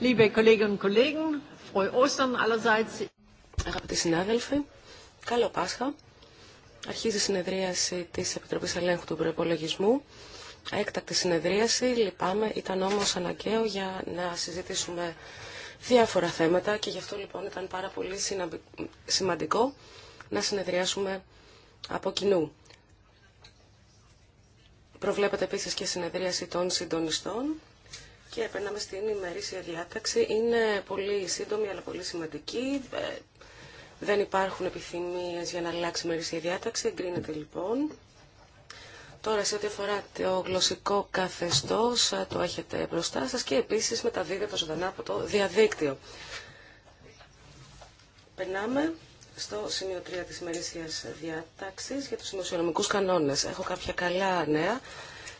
Liebe Kolleginnen und Kollegen, Ostern allerseits. Αγαπητοί συνάδελφοι, καλό Πάσχα. Αρχίζει η συνεδρίαση τη Επιτροπή Ελέγχου του Προπολογισμού. Έκτακτη συνεδρίαση, λυπάμαι, ήταν όμω αναγκαίο για να συζητήσουμε διάφορα θέματα και γι' αυτό λοιπόν ήταν πάρα πολύ σημαντικό να συνεδριάσουμε από κοινού. Προβλέπεται επίσης και συνεδρίαση των συντονιστών και περνάμε στην ημερήσια διάταξη. Είναι πολύ σύντομη αλλά πολύ σημαντική. Ε, δεν υπάρχουν επιθυμίες για να αλλάξει η ημερήσια διάταξη. Εγκρίνεται λοιπόν. Τώρα σε ό,τι αφορά το γλωσσικό καθεστώς ε, το έχετε μπροστά σας και επίσης μεταδίδεται ζωντανά από το διαδίκτυο. Περνάμε στο σημείο 3 της ημερήσιας διάταξης για τους δημοσιονομικού κανόνες. Έχω κάποια καλά νέα.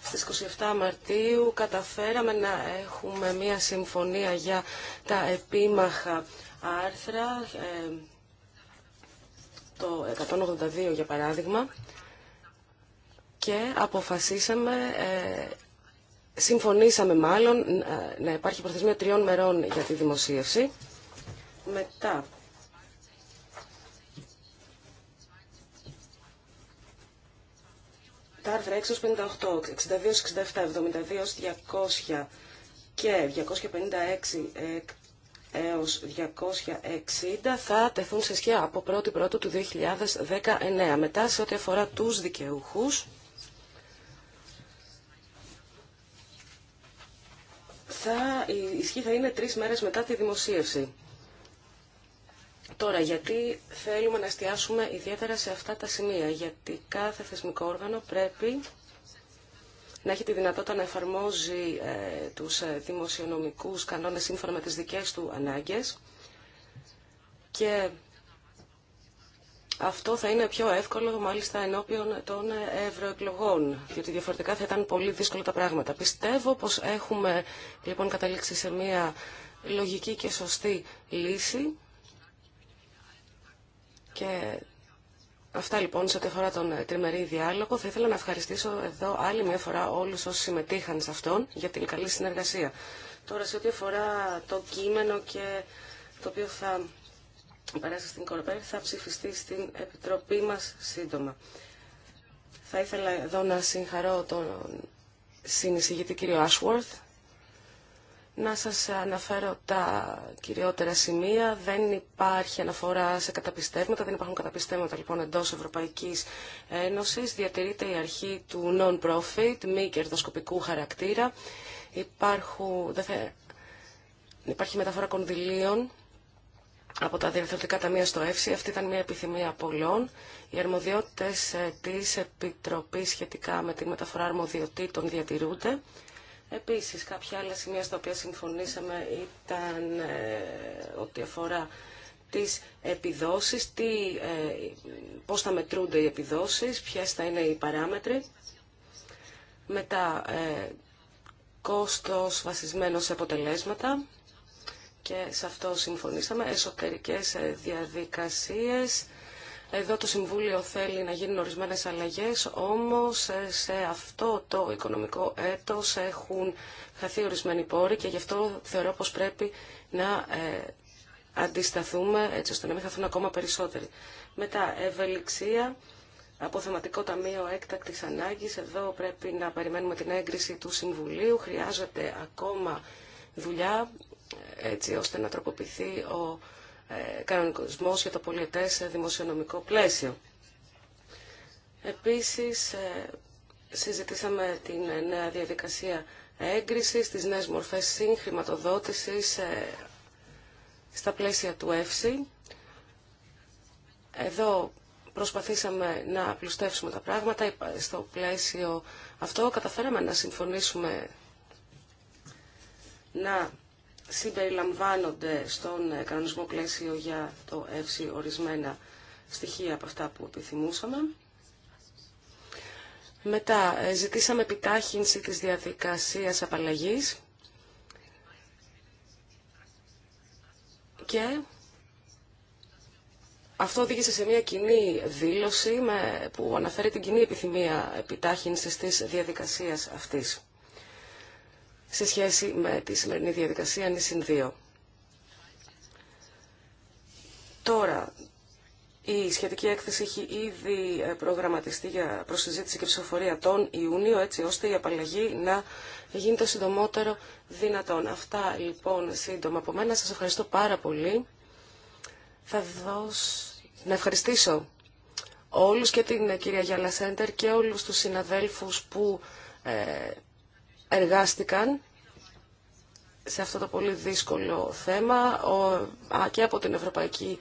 Στις 27 Μαρτίου καταφέραμε να έχουμε μία συμφωνία για τα επίμαχα άρθρα, ε, το 182 για παράδειγμα, και αποφασίσαμε, ε, συμφωνήσαμε μάλλον, ε, να υπάρχει προθεσμία τριών μερών για τη δημοσίευση. Μετά τα άρθρα 6 58, 62, 67, 72, 200 και 256 έως 260 θα τεθούν σε σχέση από 1η Πρώτου του 2019. Μετά σε ό,τι αφορά τους δικαιούχους θα, η ισχύ θα είναι τρεις μέρες μετά τη δημοσίευση. Τώρα, γιατί θέλουμε να εστιάσουμε ιδιαίτερα σε αυτά τα σημεία, γιατί κάθε θεσμικό όργανο πρέπει να έχει τη δυνατότητα να εφαρμόζει ε, τους ε, δημοσιονομικούς κανόνες σύμφωνα με τις δικές του ανάγκες και αυτό θα είναι πιο εύκολο μάλιστα ενώπιον των ε, ευρωεκλογών, διότι διαφορετικά θα ήταν πολύ δύσκολα τα πράγματα. Πιστεύω πως έχουμε λοιπόν καταλήξει σε μια λογική και σωστή λύση και αυτά λοιπόν σε ό,τι αφορά τον ε, τριμερή διάλογο. Θα ήθελα να ευχαριστήσω εδώ άλλη μια φορά όλους όσοι συμμετείχαν σε αυτόν για την καλή συνεργασία. Τώρα σε ό,τι αφορά το κείμενο και το οποίο θα περάσει στην Κοροπέρ θα ψηφιστεί στην Επιτροπή μας σύντομα. Θα ήθελα εδώ να συγχαρώ τον συνεισηγητή κύριο Ashworth να σας αναφέρω τα κυριότερα σημεία. Δεν υπάρχει αναφορά σε καταπιστεύματα, δεν υπάρχουν καταπιστεύματα λοιπόν εντός Ευρωπαϊκής Ένωσης. Διατηρείται η αρχή του non-profit, μη κερδοσκοπικού χαρακτήρα. Υπάρχουν, δεν Υπάρχει μεταφορά κονδυλίων από τα διευθυντικά ταμεία στο ΕΦΣΥ. Αυτή ήταν μια επιθυμία πολλών. Οι αρμοδιότητες ε, της Επιτροπής σχετικά με τη μεταφορά αρμοδιοτήτων διατηρούνται. Επίσης, κάποια άλλα σημεία στα οποία συμφωνήσαμε ήταν ε, ότι αφορά τις επιδόσεις, τι, ε, πώς θα μετρούνται οι επιδόσεις, ποιες θα είναι οι παράμετροι. Μετά, ε, κόστος βασισμένο σε αποτελέσματα και σε αυτό συμφωνήσαμε, εσωτερικές ε, διαδικασίες, εδώ το Συμβούλιο θέλει να γίνουν ορισμένες αλλαγές, όμως σε αυτό το οικονομικό έτος έχουν χαθεί ορισμένοι πόροι και γι' αυτό θεωρώ πως πρέπει να ε, αντισταθούμε έτσι ώστε να μην χαθούν ακόμα περισσότεροι. Μετά, ευελιξία, αποθεματικό ταμείο έκτακτης ανάγκης. Εδώ πρέπει να περιμένουμε την έγκριση του Συμβουλίου. Χρειάζεται ακόμα δουλειά ε, έτσι ώστε να τροποποιηθεί ο ε, κανονικοσμός για το σε δημοσιονομικό πλαίσιο. Επίσης, ε, συζητήσαμε την ε, νέα διαδικασία έγκρισης, τις νέες μορφές συγχρηματοδότησης στα πλαίσια του ΕΦΣΥ. Εδώ προσπαθήσαμε να απλουστεύσουμε τα πράγματα. Στο πλαίσιο αυτό καταφέραμε να συμφωνήσουμε να συμπεριλαμβάνονται στον ε, κανονισμό πλαίσιο για το ΕΦΣΥ ορισμένα στοιχεία από αυτά που επιθυμούσαμε. Μετά ε, ζητήσαμε επιτάχυνση της διαδικασίας απαλλαγής και αυτό οδήγησε σε μια κοινή δήλωση που αναφέρει την κοινή επιθυμία επιτάχυνσης της διαδικασίας αυτής σε σχέση με τη σημερινή διαδικασία νησιν 2. Τώρα, η σχετική έκθεση έχει ήδη ε, προγραμματιστεί για προσυζήτηση και ψηφοφορία τον Ιούνιο, έτσι ώστε η απαλλαγή να γίνει το συντομότερο δυνατόν. Αυτά λοιπόν σύντομα από μένα. Σας ευχαριστώ πάρα πολύ. Θα δώσω... Να ευχαριστήσω όλους και την ε, κυρία Γιάλα Σέντερ και όλους τους συναδέλφους που ε, εργάστηκαν σε αυτό το πολύ δύσκολο θέμα και από την Ευρωπαϊκή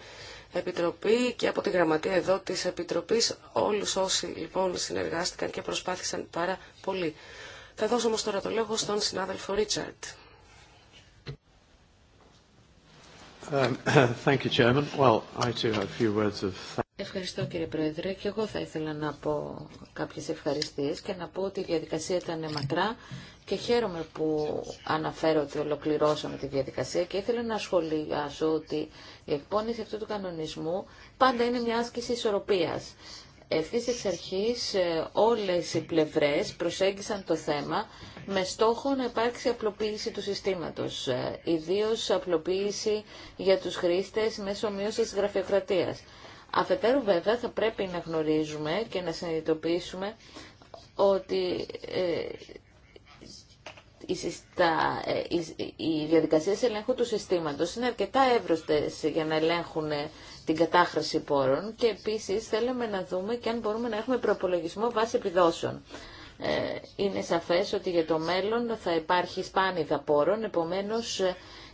Επιτροπή και από τη Γραμματεία εδώ της Επιτροπής, όλους όσοι λοιπόν συνεργάστηκαν και προσπάθησαν πάρα πολύ. Θα δώσω όμως τώρα το λόγο στον συνάδελφο Ρίτσαρτ. Um, thank you, Chairman. Well, I too have few words of Ευχαριστώ κύριε Πρόεδρε και εγώ θα ήθελα να πω κάποιες ευχαριστίες και να πω ότι η διαδικασία ήταν μακρά και χαίρομαι που αναφέρω ότι ολοκληρώσαμε τη διαδικασία και ήθελα να σχολιάσω ότι η εκπόνηση αυτού του κανονισμού πάντα είναι μια άσκηση ισορροπίας. Ευθύ εξ αρχή, ε, όλες οι πλευρές προσέγγισαν το θέμα με στόχο να υπάρξει απλοποίηση του συστήματο. Ε, Ιδίω απλοποίηση για τους χρήστε μέσω μείωσης γραφειοκρατίας. Αφετέρου βέβαια θα πρέπει να γνωρίζουμε και να συνειδητοποιήσουμε ότι ε, ε, οι διαδικασίες ελέγχου του συστήματος είναι αρκετά εύρωστες για να ελέγχουν ε, την κατάχρηση πόρων και επίσης θέλουμε να δούμε και αν μπορούμε να έχουμε προπολογισμό βάσει επιδόσεων. Είναι σαφές ότι για το μέλλον θα υπάρχει σπάνιδα πόρων, επομένως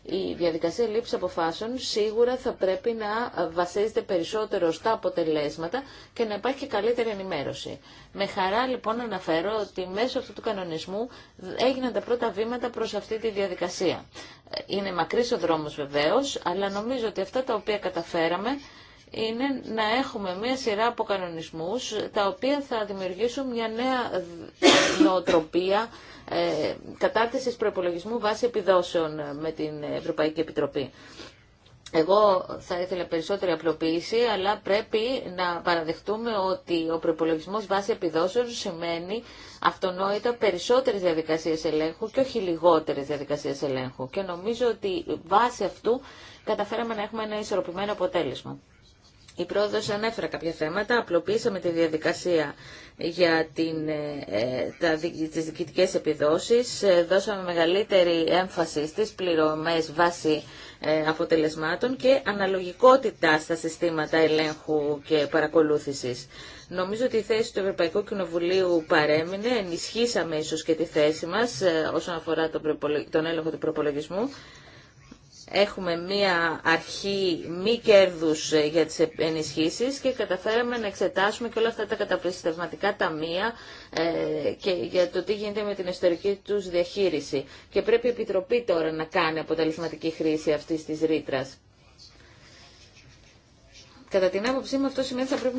η διαδικασία λήψη αποφάσεων σίγουρα θα πρέπει να βασίζεται περισσότερο στα αποτελέσματα και να υπάρχει και καλύτερη ενημέρωση. Με χαρά λοιπόν αναφέρω ότι μέσω αυτού του κανονισμού έγιναν τα πρώτα βήματα προς αυτή τη διαδικασία. Ε, είναι μακρύς ο δρόμος βεβαίως, αλλά νομίζω ότι αυτά τα οποία καταφέραμε είναι να έχουμε μία σειρά από κανονισμούς τα οποία θα δημιουργήσουν μια νέα νοοτροπία ε, κατάρτισης προπολογισμού βάσει επιδόσεων με την Ευρωπαϊκή Επιτροπή. Εγώ θα ήθελα περισσότερη απλοποίηση, αλλά πρέπει να παραδεχτούμε ότι ο προπολογισμό βάσει επιδόσεων σημαίνει αυτονόητα περισσότερε διαδικασίε ελέγχου και όχι λιγότερε διαδικασίε ελέγχου. Και νομίζω ότι βάσει αυτού καταφέραμε να έχουμε ένα ισορροπημένο αποτέλεσμα. Η πρόοδο ανέφερα κάποια θέματα, απλοποίησαμε τη διαδικασία για την, ε, τα, τις επιδόσεις, ε, δώσαμε μεγαλύτερη έμφαση στις πληρωμές βάσει ε, αποτελεσμάτων και αναλογικότητα στα συστήματα ελέγχου και παρακολούθησης. Νομίζω ότι η θέση του Ευρωπαϊκού Κοινοβουλίου παρέμεινε, ενισχύσαμε ίσως και τη θέση μας όσον αφορά τον έλεγχο του προπολογισμού έχουμε μία αρχή μη κέρδους ε, για τις ενισχύσεις και καταφέραμε να εξετάσουμε και όλα αυτά τα καταπληστευματικά ταμεία ε, και για το τι γίνεται με την ιστορική τους διαχείριση. Και πρέπει η Επιτροπή τώρα να κάνει αποτελεσματική χρήση αυτής της ρήτρας. Κατά την άποψή μου αυτό σημαίνει ότι θα πρέπει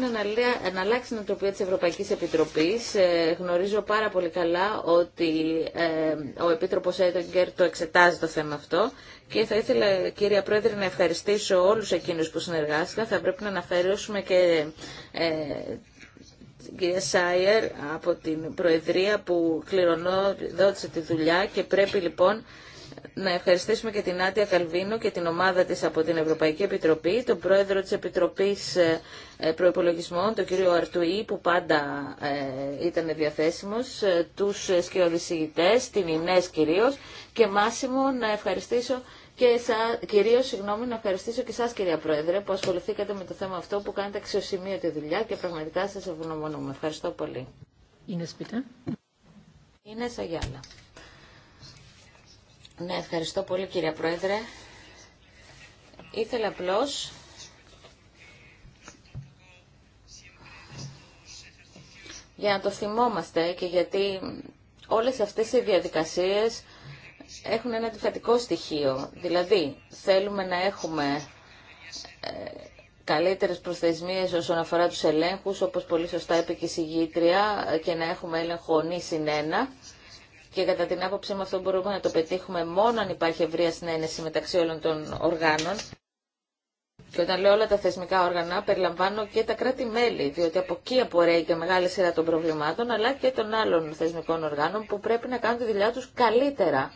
να αλλάξει την οτροπία της Ευρωπαϊκής Επιτροπής. Ε, γνωρίζω πάρα πολύ καλά ότι ε, ο Επίτροπος Έντεγκερ το εξετάζει το θέμα αυτό και θα ήθελα κυρία Πρόεδρε να ευχαριστήσω όλους εκείνους που συνεργάστηκαν. Θα πρέπει να αναφέρουμε και ε, την κυρία Σάιερ από την Προεδρία που κληρονόδότησε τη δουλειά και πρέπει λοιπόν να ευχαριστήσουμε και την Άντια Καλβίνο και την ομάδα της από την Ευρωπαϊκή Επιτροπή, τον πρόεδρο της Επιτροπής ε, ε, Προϋπολογισμών, τον κύριο Αρτουή, που πάντα ε, ήταν διαθέσιμος, τους σκιοδησηγητές, την Ινές κυρίως, και Μάσιμο να ευχαριστήσω και σα, κυρίω συγγνώμη, να ευχαριστήσω και εσά, κυρία Πρόεδρε, που ασχοληθήκατε με το θέμα αυτό, που κάνετε αξιοσημείωτη δουλειά και πραγματικά σα ευγνωμονούμε. Ευχαριστώ πολύ. Είναι σπίτι. Είναι Σαγιάλα. Ναι, ευχαριστώ πολύ κύριε Πρόεδρε. Ήθελα απλώς για να το θυμόμαστε και γιατί όλες αυτές οι διαδικασίες έχουν ένα αντιφατικό στοιχείο. Δηλαδή, θέλουμε να έχουμε ε, καλύτερες προθεσμίες όσον αφορά τους ελέγχους, όπως πολύ σωστά είπε και η συγγήτρια, και να έχουμε έλεγχο νη συνένα και κατά την άποψή μου αυτό μπορούμε να το πετύχουμε μόνο αν υπάρχει ευρεία συνένεση μεταξύ όλων των οργάνων. Και όταν λέω όλα τα θεσμικά όργανα, περιλαμβάνω και τα κράτη-μέλη, διότι από εκεί απορρέει και μεγάλη σειρά των προβλημάτων, αλλά και των άλλων θεσμικών οργάνων που πρέπει να κάνουν τη δουλειά τους καλύτερα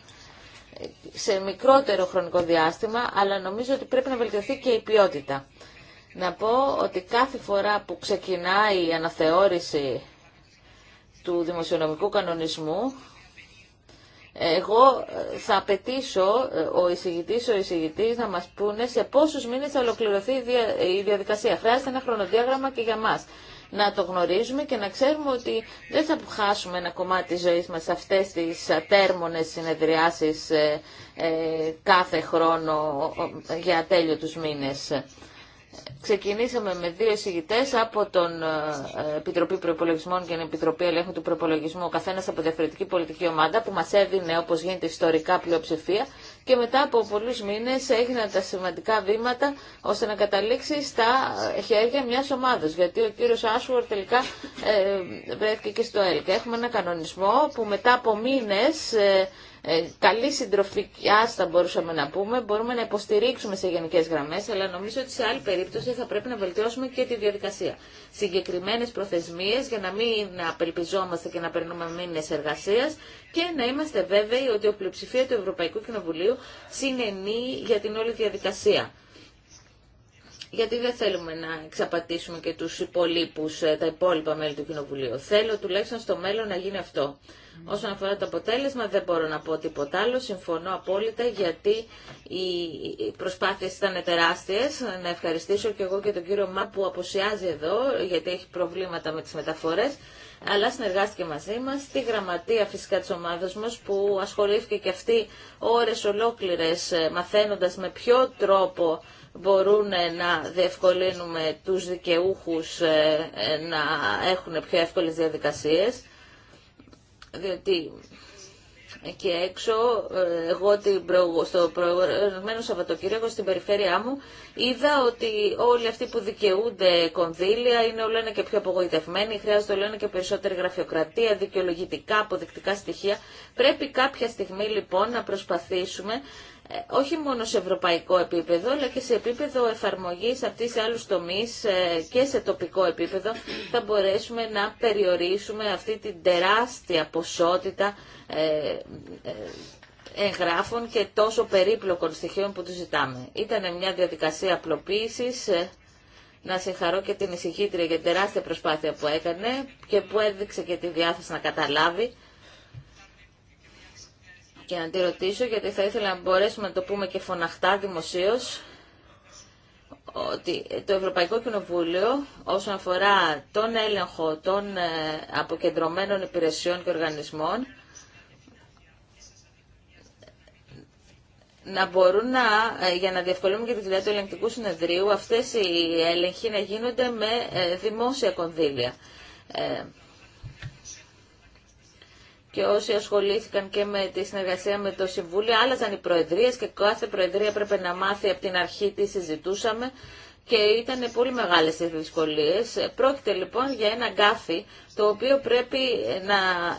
σε μικρότερο χρονικό διάστημα, αλλά νομίζω ότι πρέπει να βελτιωθεί και η ποιότητα. Να πω ότι κάθε φορά που ξεκινάει η αναθεώρηση του δημοσιονομικού κανονισμού, εγώ ε, θα απαιτήσω ε, ο εισηγητής, ο εισηγητής να μας πούνε σε πόσους μήνες θα ολοκληρωθεί η διαδικασία. Χρειάζεται ένα χρονοδιάγραμμα και για μας να το γνωρίζουμε και να ξέρουμε ότι δεν θα χάσουμε ένα κομμάτι τη ζωή μας σε αυτές τις ατέρμονες ε, συνεδριάσεις κάθε χρόνο για τέλειο τους μήνες. Ξεκινήσαμε με δύο εισηγητέ από την ε, Επιτροπή Προπολογισμών και την Επιτροπή Ελέγχου του Προπολογισμού, καθένα από διαφορετική πολιτική ομάδα, που μα έδινε όπω γίνεται ιστορικά πλειοψηφία και μετά από πολλού μήνε έγιναν τα σημαντικά βήματα ώστε να καταλήξει στα χέρια μια ομάδα. Γιατί ο κύριο Άσουορ τελικά ε, βρέθηκε και στο ΕΛΚ. Έχουμε ένα κανονισμό που μετά από μήνε ε, ε, καλή συντροφικιά θα μπορούσαμε να πούμε, μπορούμε να υποστηρίξουμε σε γενικές γραμμές, αλλά νομίζω ότι σε άλλη περίπτωση θα πρέπει να βελτιώσουμε και τη διαδικασία. Συγκεκριμένε προθεσμίες για να μην απελπιζόμαστε και να περνούμε μήνε εργασία, και να είμαστε βέβαιοι ότι ο πλειοψηφία του Ευρωπαϊκού Κοινοβουλίου συνενεί για την όλη διαδικασία γιατί δεν θέλουμε να εξαπατήσουμε και τους υπολείπους, ε, τα υπόλοιπα μέλη του Κοινοβουλίου. Θέλω τουλάχιστον στο μέλλον να γίνει αυτό. Όσον αφορά το αποτέλεσμα δεν μπορώ να πω τίποτα άλλο, συμφωνώ απόλυτα γιατί οι προσπάθειες ήταν τεράστιες. Να ευχαριστήσω και εγώ και τον κύριο Μα που αποσιάζει εδώ γιατί έχει προβλήματα με τις μεταφορές αλλά συνεργάστηκε μαζί μας, τη γραμματεία φυσικά της ομάδας μας που ασχολήθηκε και αυτή ώρες ολόκληρες ε, μαθαίνοντας με ποιο τρόπο μπορούν να διευκολύνουμε τους δικαιούχους ε, ε, να έχουν πιο εύκολες διαδικασίες, διότι εκεί έξω, ε, εγώ στο προηγούμενο Σαββατοκύριακο στην περιφέρειά μου είδα ότι όλοι αυτοί που δικαιούνται κονδύλια είναι όλο ένα και πιο απογοητευμένοι, χρειάζεται όλο ένα και περισσότερη γραφειοκρατία, δικαιολογητικά, αποδεικτικά στοιχεία. Πρέπει κάποια στιγμή λοιπόν να προσπαθήσουμε ε, όχι μόνο σε ευρωπαϊκό επίπεδο, αλλά και σε επίπεδο εφαρμογής αυτή σε άλλους τομείς ε, και σε τοπικό επίπεδο, θα μπορέσουμε να περιορίσουμε αυτή την τεράστια ποσότητα ε, εγγράφων και τόσο περίπλοκων στοιχείων που τους ζητάμε. Ήταν μια διαδικασία απλοποίησης, να συγχαρώ και την ησυχήτρια για την τεράστια προσπάθεια που έκανε και που έδειξε και τη διάθεση να καταλάβει και να τη ρωτήσω, γιατί θα ήθελα να μπορέσουμε να το πούμε και φωναχτά δημοσίω, ότι το Ευρωπαϊκό Κοινοβούλιο όσον αφορά τον έλεγχο των ε, αποκεντρωμένων υπηρεσιών και οργανισμών να μπορούν να, ε, για να διευκολύνουν και τη δουλειά του ελεγκτικού συνεδρίου αυτές οι έλεγχοι να γίνονται με ε, δημόσια κονδύλια και όσοι ασχολήθηκαν και με τη συνεργασία με το Συμβούλιο, άλλαζαν οι προεδρίες και κάθε προεδρία έπρεπε να μάθει από την αρχή τι συζητούσαμε και ήταν πολύ μεγάλες οι δυσκολίες. Πρόκειται λοιπόν για ένα γκάφι το οποίο πρέπει να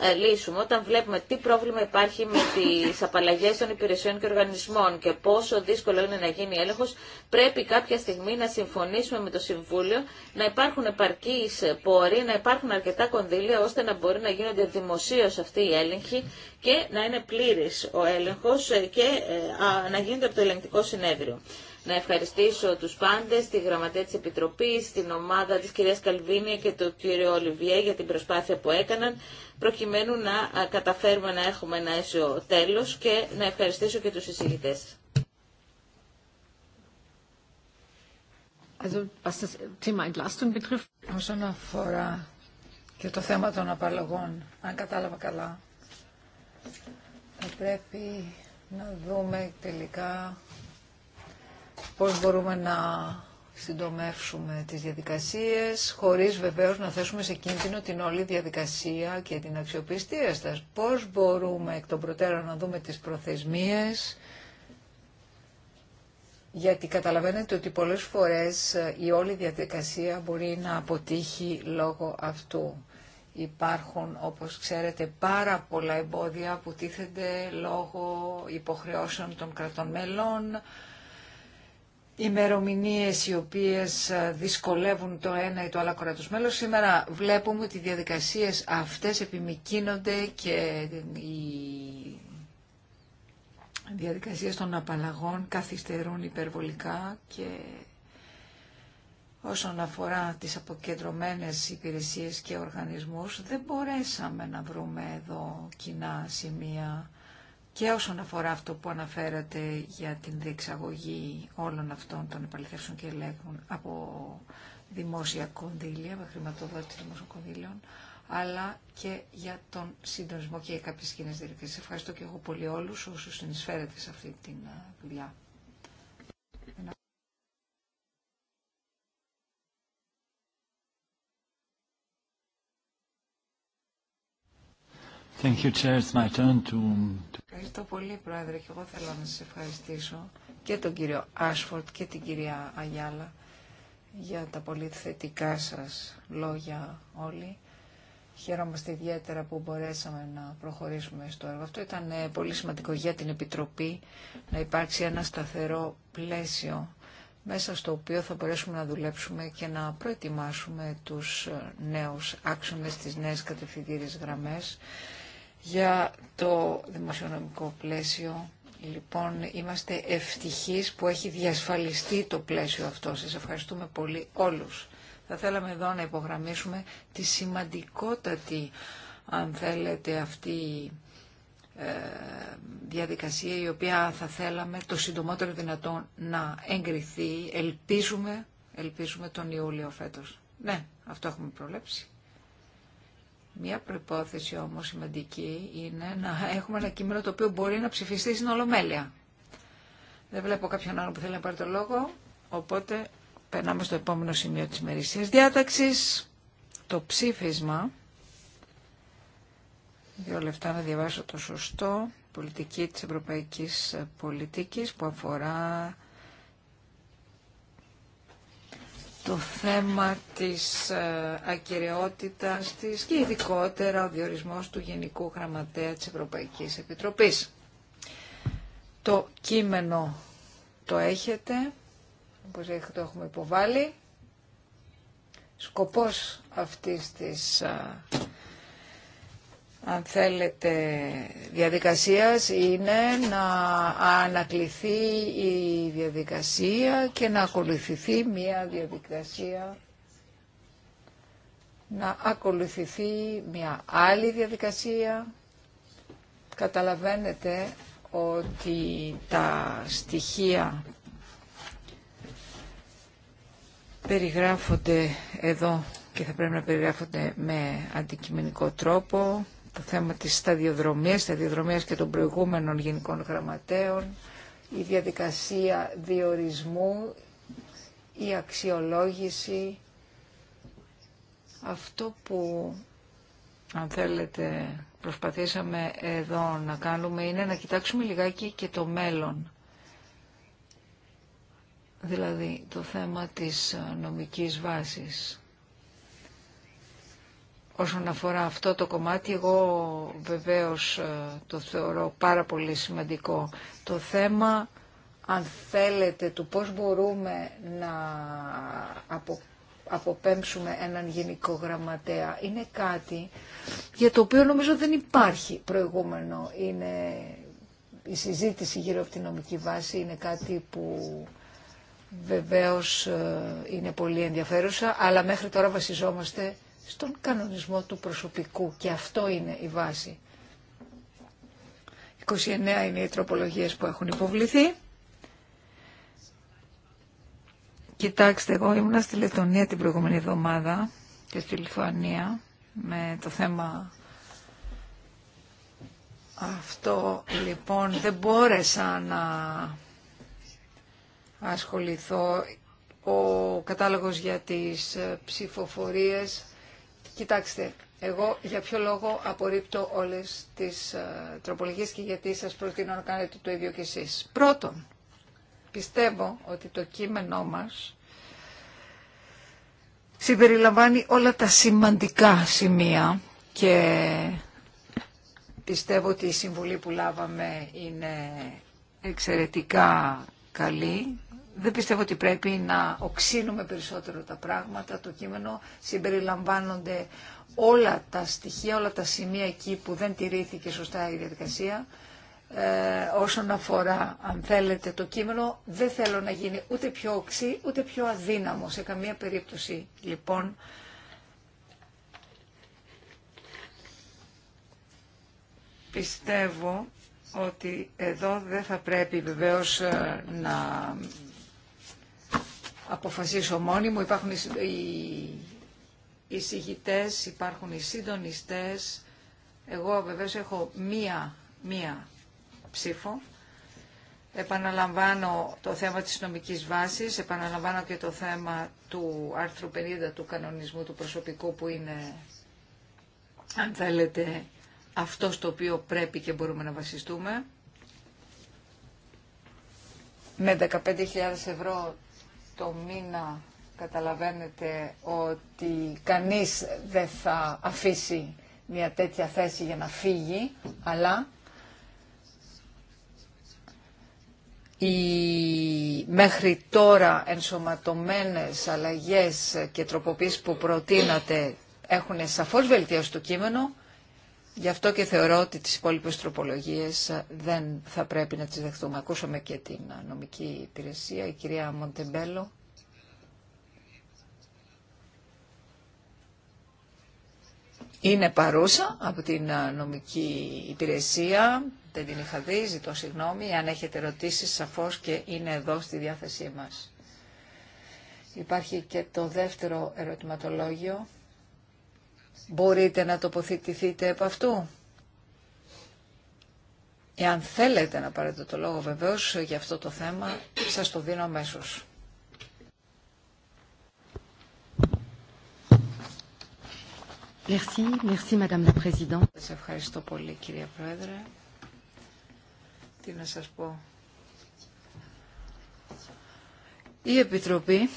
ε, λύσουμε όταν βλέπουμε τι πρόβλημα υπάρχει με τις απαλλαγές των υπηρεσιών και οργανισμών και πόσο δύσκολο είναι να γίνει έλεγχος, πρέπει κάποια στιγμή να συμφωνήσουμε με το Συμβούλιο, να υπάρχουν επαρκείς πόροι, να υπάρχουν αρκετά κονδύλια ώστε να μπορεί να γίνονται δημοσίως αυτοί οι έλεγχοι και να είναι πλήρης ο έλεγχος και ε, να γίνεται από το ελεγκτικό συνέδριο. Να ευχαριστήσω τους πάντες, τη Γραμματεία της Επιτροπής, την ομάδα της κυρίας Καλβίνια και τον κύριο Ολιβιέ για την προσπάθεια που έκαναν προκειμένου να καταφέρουμε να έχουμε ένα αίσιο τέλος και να ευχαριστήσω και τους εισηγητές. Also, was das Thema Entlastung betrifft. Όσον αφορά και το θέμα των απαλλαγών, αν κατάλαβα καλά, θα πρέπει να δούμε τελικά πώς μπορούμε να συντομεύσουμε τις διαδικασίες, χωρίς βεβαίως να θέσουμε σε κίνδυνο την όλη διαδικασία και την αξιοπιστία σας. Πώς μπορούμε εκ των προτέρων να δούμε τις προθεσμίες, γιατί καταλαβαίνετε ότι πολλές φορές ε, η όλη διαδικασία μπορεί να αποτύχει λόγω αυτού. Υπάρχουν, όπως ξέρετε, πάρα πολλά εμπόδια που τίθενται λόγω υποχρεώσεων των κρατών μελών, ημερομηνίες οι οποίες ε, δυσκολεύουν το ένα ή το άλλο κράτος μέλος. Σήμερα βλέπουμε ότι οι διαδικασίες αυτές επιμηκύνονται και οι διαδικασίες των απαλλαγών καθυστερούν υπερβολικά και όσον αφορά τις αποκεντρωμένες υπηρεσίες και οργανισμούς δεν μπορέσαμε να βρούμε εδώ κοινά σημεία και όσον αφορά αυτό που αναφέρατε για την διεξαγωγή όλων αυτών των επαληθεύσεων και ελέγχων από δημόσια κονδύλια, με χρηματοδότηση δημόσιων κονδύλιων, αλλά και για τον συντονισμό και για κάποιες κοινέ Σας Ευχαριστώ και εγώ πολύ όλους όσους συνεισφέρετε σε αυτή τη ε, δουλειά. Thank you, Chair. It's my turn to... Ευχαριστώ πολύ, Πρόεδρε, και εγώ θέλω να σας ευχαριστήσω και τον κύριο Άσφορτ και την κυρία Αγιάλα για τα πολύ θετικά σας λόγια όλοι. Χαίρομαστε ιδιαίτερα που μπορέσαμε να προχωρήσουμε στο έργο. Αυτό ήταν ε, πολύ σημαντικό για την Επιτροπή να υπάρξει ένα σταθερό πλαίσιο μέσα στο οποίο θα μπορέσουμε να δουλέψουμε και να προετοιμάσουμε τους ε, νέους άξονες, τις νέες κατευθυντήριες γραμμές για το δημοσιονομικό πλαίσιο, λοιπόν, είμαστε ευτυχείς που έχει διασφαλιστεί το πλαίσιο αυτό. Σας ευχαριστούμε πολύ όλους. Θα θέλαμε εδώ να υπογραμμίσουμε τη σημαντικότατη, αν θέλετε, αυτή ε, διαδικασία η οποία θα θέλαμε το συντομότερο δυνατόν να εγκριθεί. Ελπίζουμε, ελπίζουμε τον Ιούλιο φέτος. Ναι, αυτό έχουμε προλέψει. Μία προϋπόθεση όμως σημαντική είναι να έχουμε ένα κείμενο το οποίο μπορεί να ψηφιστεί στην Ολομέλεια. Δεν βλέπω κάποιον άλλο που θέλει να πάρει το λόγο, οπότε περνάμε στο επόμενο σημείο της ημερησίας διάταξης, το ψήφισμα. Δύο λεπτά να διαβάσω το σωστό, πολιτική της ευρωπαϊκής πολιτικής που αφορά το θέμα της ε, ακυρεότητας της και ειδικότερα ο διορισμός του Γενικού Γραμματέα της Ευρωπαϊκής Επιτροπής. Το κείμενο το έχετε, όπως το έχουμε υποβάλει. Σκοπός αυτής της ε, αν θέλετε, διαδικασίας είναι να ανακληθεί η διαδικασία και να ακολουθηθεί μια διαδικασία να ακολουθηθεί μια άλλη διαδικασία. Καταλαβαίνετε ότι τα στοιχεία περιγράφονται εδώ και θα πρέπει να περιγράφονται με αντικειμενικό τρόπο το θέμα της σταδιοδρομίας, σταδιοδρομίας και των προηγούμενων γενικών γραμματέων, η διαδικασία διορισμού, η αξιολόγηση, αυτό που αν θέλετε προσπαθήσαμε εδώ να κάνουμε είναι να κοιτάξουμε λιγάκι και το μέλλον. Δηλαδή το θέμα της νομικής βάσης. Όσον αφορά αυτό το κομμάτι, εγώ βεβαίως ε, το θεωρώ πάρα πολύ σημαντικό. Το θέμα, αν θέλετε, του πώς μπορούμε να απο, αποπέμψουμε έναν γενικό γραμματέα, είναι κάτι για το οποίο νομίζω δεν υπάρχει προηγούμενο. Είναι η συζήτηση γύρω από την νομική βάση είναι κάτι που βεβαίως ε, είναι πολύ ενδιαφέρουσα, αλλά μέχρι τώρα βασιζόμαστε στον κανονισμό του προσωπικού και αυτό είναι η βάση. 29 είναι οι τροπολογίες που έχουν υποβληθεί. Κοιτάξτε, εγώ ήμουνα στη Λετωνία την προηγούμενη εβδομάδα και στη Λιθουανία με το θέμα αυτό. Λοιπόν, δεν μπόρεσα να ασχοληθώ. Ο κατάλογος για τις ψηφοφορίες Κοιτάξτε, εγώ για ποιο λόγο απορρίπτω όλες τις ε, τροπολογίες και γιατί σας προτείνω να κάνετε το ίδιο κι εσείς. Πρώτον, πιστεύω ότι το κείμενό μας συμπεριλαμβάνει όλα τα σημαντικά σημεία και πιστεύω ότι η συμβουλή που λάβαμε είναι εξαιρετικά καλή δεν πιστεύω ότι πρέπει να οξύνουμε περισσότερο τα πράγματα. Το κείμενο συμπεριλαμβάνονται όλα τα στοιχεία, όλα τα σημεία εκεί που δεν τηρήθηκε σωστά η διαδικασία. Ε, όσον αφορά, αν θέλετε, το κείμενο, δεν θέλω να γίνει ούτε πιο οξύ, ούτε πιο αδύναμο σε καμία περίπτωση. Λοιπόν, πιστεύω ότι εδώ δεν θα πρέπει βεβαίως ε, να αποφασίσω μόνη μου. Υπάρχουν οι εισηγητές, υπάρχουν οι συντονιστές. Εγώ βεβαίως έχω μία, μία ψήφο. Επαναλαμβάνω το θέμα της νομικής βάσης, επαναλαμβάνω και το θέμα του άρθρου 50 του κανονισμού του προσωπικού που είναι, αν θέλετε, αυτό στο οποίο πρέπει και μπορούμε να βασιστούμε. Με 15.000 ευρώ το μήνα καταλαβαίνετε ότι κανείς δεν θα αφήσει μια τέτοια θέση για να φύγει, αλλά οι μέχρι τώρα ενσωματωμένες αλλαγές και τροποποίησεις που προτείνατε έχουν σαφώς βελτιώσει το κείμενο, Γι' αυτό και θεωρώ ότι τις υπόλοιπες τροπολογίες ε, δεν θα πρέπει να τις δεχτούμε. Ακούσαμε και την ε, νομική υπηρεσία, η κυρία Μοντεμπέλο. Είναι παρούσα από την ε, νομική υπηρεσία, δεν την είχα δει, ζητώ συγγνώμη, αν έχετε ερωτήσεις σαφώς και είναι εδώ στη διάθεσή μας. Υπάρχει και το δεύτερο ερωτηματολόγιο Μπορείτε να τοποθετηθείτε επ' αυτού. Εάν θέλετε να πάρετε το λόγο βεβαίως για αυτό το θέμα, σας το δίνω αμέσω. Merci, merci Σας ευχαριστώ πολύ κυρία Πρόεδρε. Τι να σας πω. Η Επιτροπή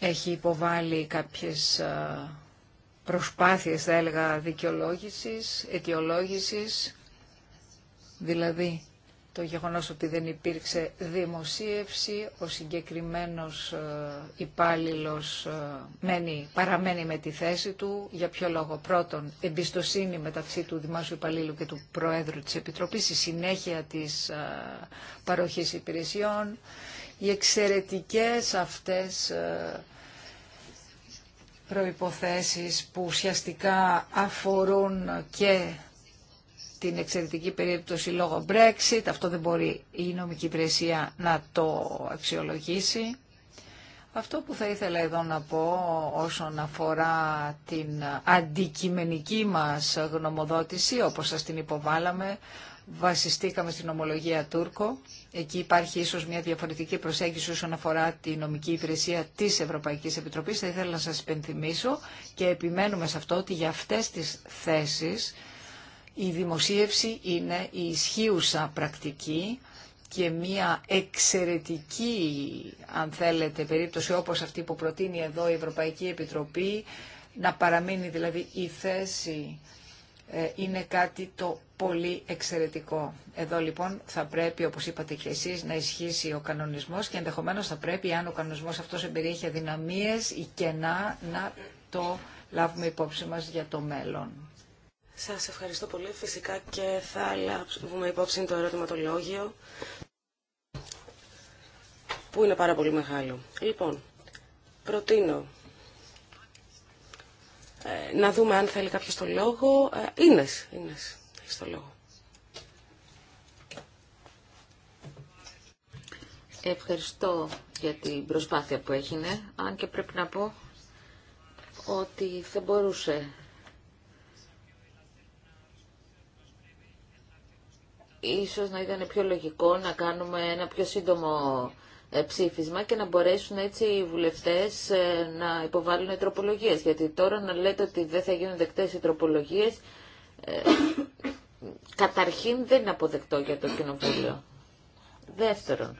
έχει υποβάλει κάποιες προσπάθειες, θα έλεγα, δικαιολόγησης, αιτιολόγησης, δηλαδή το γεγονός ότι δεν υπήρξε δημοσίευση, ο συγκεκριμένος ε, υπάλληλος ε, μένει, παραμένει με τη θέση του. Για ποιο λόγο. Πρώτον, εμπιστοσύνη μεταξύ του δημάσου Υπαλλήλου και του Προέδρου της Επιτροπής, η συνέχεια της ε, παροχής υπηρεσιών, οι εξαιρετικές αυτές προϋποθέσεις που ουσιαστικά αφορούν και την εξαιρετική περίπτωση λόγω Brexit. Αυτό δεν μπορεί η νομική υπηρεσία να το αξιολογήσει. Αυτό που θα ήθελα εδώ να πω όσον αφορά την αντικειμενική μας γνωμοδότηση, όπως σας την υποβάλαμε, βασιστήκαμε στην ομολογία Τούρκο Εκεί υπάρχει ίσως μια διαφορετική προσέγγιση όσον αφορά τη νομική υπηρεσία της Ευρωπαϊκής Επιτροπής. Θα ήθελα να σας υπενθυμίσω και επιμένουμε σε αυτό ότι για αυτές τις θέσεις η δημοσίευση είναι η ισχύουσα πρακτική και μια εξαιρετική, αν θέλετε, περίπτωση όπως αυτή που προτείνει εδώ η Ευρωπαϊκή Επιτροπή, να παραμείνει δηλαδή η θέση ε, είναι κάτι το πολύ εξαιρετικό. Εδώ λοιπόν θα πρέπει, όπως είπατε και εσείς, να ισχύσει ο κανονισμός και ενδεχομένως θα πρέπει, αν ο κανονισμός αυτός εμπεριέχει αδυναμίες ή κενά, να το λάβουμε υπόψη μας για το μέλλον. Σας ευχαριστώ πολύ. Φυσικά και θα λάβουμε υπόψη το ερωτηματολόγιο, που είναι πάρα πολύ μεγάλο. Λοιπόν, προτείνω ε, να δούμε αν θέλει κάποιος το λόγο. Ε, Ίνες, Ίνες, έχεις το λόγο. Ευχαριστώ για την προσπάθεια που έγινε, αν και πρέπει να πω ότι θα μπορούσε ίσως να ήταν πιο λογικό να κάνουμε ένα πιο σύντομο ε, ψήφισμα και να μπορέσουν έτσι οι βουλευτές ε, να υποβάλουν τροπολογίες. Γιατί τώρα να λέτε ότι δεν θα γίνουν δεκτές οι τροπολογίες, ε, καταρχήν δεν είναι αποδεκτό για το Κοινοβούλιο. Δεύτερον,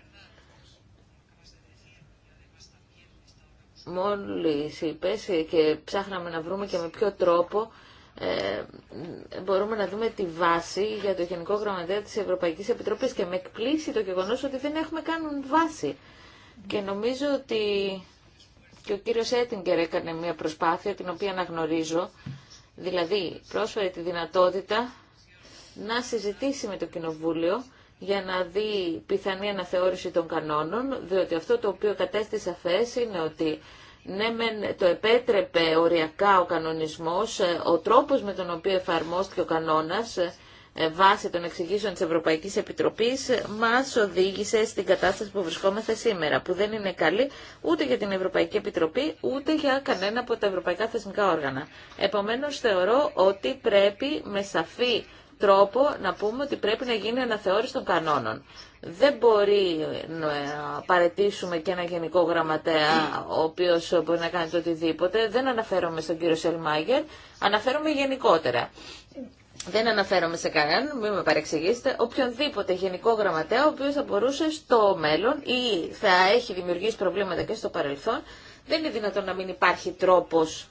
μόλις είπες και ψάχναμε να βρούμε και με ποιο τρόπο ε, μπορούμε να δούμε τη βάση για το Γενικό Γραμματέα της Ευρωπαϊκής Επιτροπής και με εκπλήσει το γεγονός ότι δεν έχουμε καν βάση. Και νομίζω ότι και ο κύριος Έτιγκερ έκανε μια προσπάθεια την οποία αναγνωρίζω, δηλαδή πρόσφερε τη δυνατότητα να συζητήσει με το Κοινοβούλιο για να δει πιθανή αναθεώρηση των κανόνων, διότι αυτό το οποίο κατέστησε σαφές είναι ότι ναι, μεν το επέτρεπε οριακά ο κανονισμός, ε, ο τρόπος με τον οποίο εφαρμόστηκε ο κανόνας ε, ε, βάσει των εξηγήσεων της Ευρωπαϊκής Επιτροπής μας οδήγησε στην κατάσταση που βρισκόμαστε σήμερα, που δεν είναι καλή ούτε για την Ευρωπαϊκή Επιτροπή, ούτε για κανένα από τα ευρωπαϊκά θεσμικά όργανα. Επομένως θεωρώ ότι πρέπει με σαφή τρόπο να πούμε ότι πρέπει να γίνει αναθεώρηση των κανόνων. Δεν μπορεί να παρετήσουμε και ένα γενικό γραμματέα, ο οποίο μπορεί να κάνει το οτιδήποτε. Δεν αναφέρομαι στον κύριο Σελμάγερ, αναφέρομαι γενικότερα. Δεν αναφέρομαι σε κανέναν, μην με παρεξηγήσετε, οποιονδήποτε γενικό γραμματέα, ο οποίο θα μπορούσε στο μέλλον ή θα έχει δημιουργήσει προβλήματα και στο παρελθόν, δεν είναι δυνατόν να μην υπάρχει τρόπος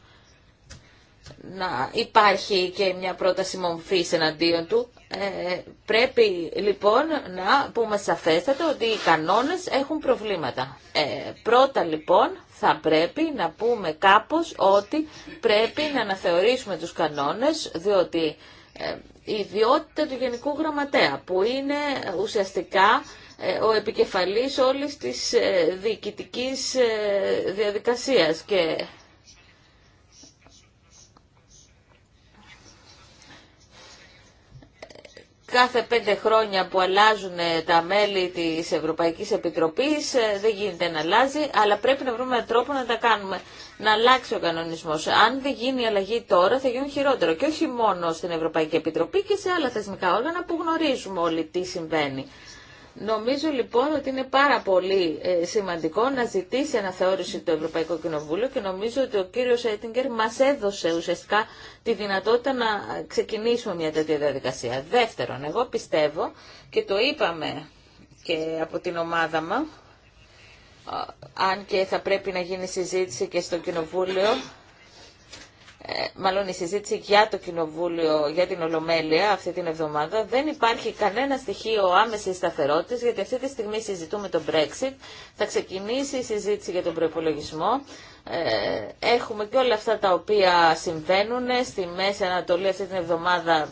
να υπάρχει και μια πρόταση μομφής εναντίον του. Ε, πρέπει λοιπόν να πούμε σαφέστατα ότι οι κανόνες έχουν προβλήματα. Ε, πρώτα λοιπόν θα πρέπει να πούμε κάπως ότι πρέπει να αναθεωρήσουμε τους κανόνες διότι ε, η ιδιότητα του Γενικού Γραμματέα που είναι ε, ουσιαστικά ε, ο επικεφαλής όλης της διοικητικής διαδικασίας και κάθε πέντε χρόνια που αλλάζουν ε, τα μέλη της Ευρωπαϊκής Επιτροπής, ε, δεν γίνεται να αλλάζει, αλλά πρέπει να βρούμε τρόπο να τα κάνουμε, να αλλάξει ο κανονισμός. Αν δεν γίνει η αλλαγή τώρα θα γίνουν χειρότερο και όχι μόνο στην Ευρωπαϊκή Επιτροπή και σε άλλα θεσμικά όργανα που γνωρίζουμε όλοι τι συμβαίνει. Νομίζω λοιπόν ότι είναι πάρα πολύ ε, σημαντικό να ζητήσει αναθεώρηση το Ευρωπαϊκό Κοινοβούλιο και νομίζω ότι ο κύριος Έτιγκερ μας έδωσε ουσιαστικά τη δυνατότητα να ξεκινήσουμε μια τέτοια διαδικασία. Δεύτερον, εγώ πιστεύω και το είπαμε και από την ομάδα μα, αν και θα πρέπει να γίνει συζήτηση και στο Κοινοβούλιο, ε, μάλλον η συζήτηση για το Κοινοβούλιο, για την Ολομέλεια αυτή την εβδομάδα, δεν υπάρχει κανένα στοιχείο άμεσης σταθερότητα, γιατί αυτή τη στιγμή συζητούμε το Brexit, θα ξεκινήσει η συζήτηση για τον προπολογισμό. Ε, έχουμε και όλα αυτά τα οποία συμβαίνουν στη Μέση Ανατολή αυτή την εβδομάδα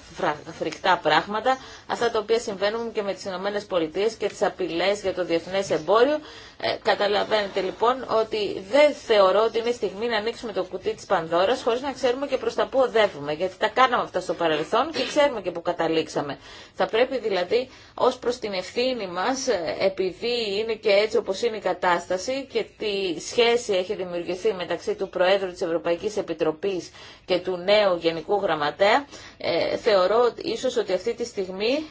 φρικτά πράγματα, αυτά τα οποία συμβαίνουν και με τις Ηνωμένες Πολιτείες και τις απειλές για το διεθνές εμπόριο ε, καταλαβαίνετε λοιπόν ότι δεν θεωρώ ότι είναι στιγμή να ανοίξουμε το κουτί της Πανδώρας χωρίς να ξέρουμε και προς τα που οδεύουμε, γιατί τα κάναμε αυτά στο παρελθόν και ξέρουμε και που καταλήξαμε. Θα πρέπει δηλαδή ως προς την ευθύνη μας, ε, επειδή είναι και έτσι όπως είναι η κατάσταση και τη σχέση έχει δημιουργηθεί μεταξύ του Προέδρου της Ευρωπαϊκής Επιτροπής και του νέου Γενικού Γραμματέα, ε, θεωρώ ίσως ότι αυτή τη στιγμή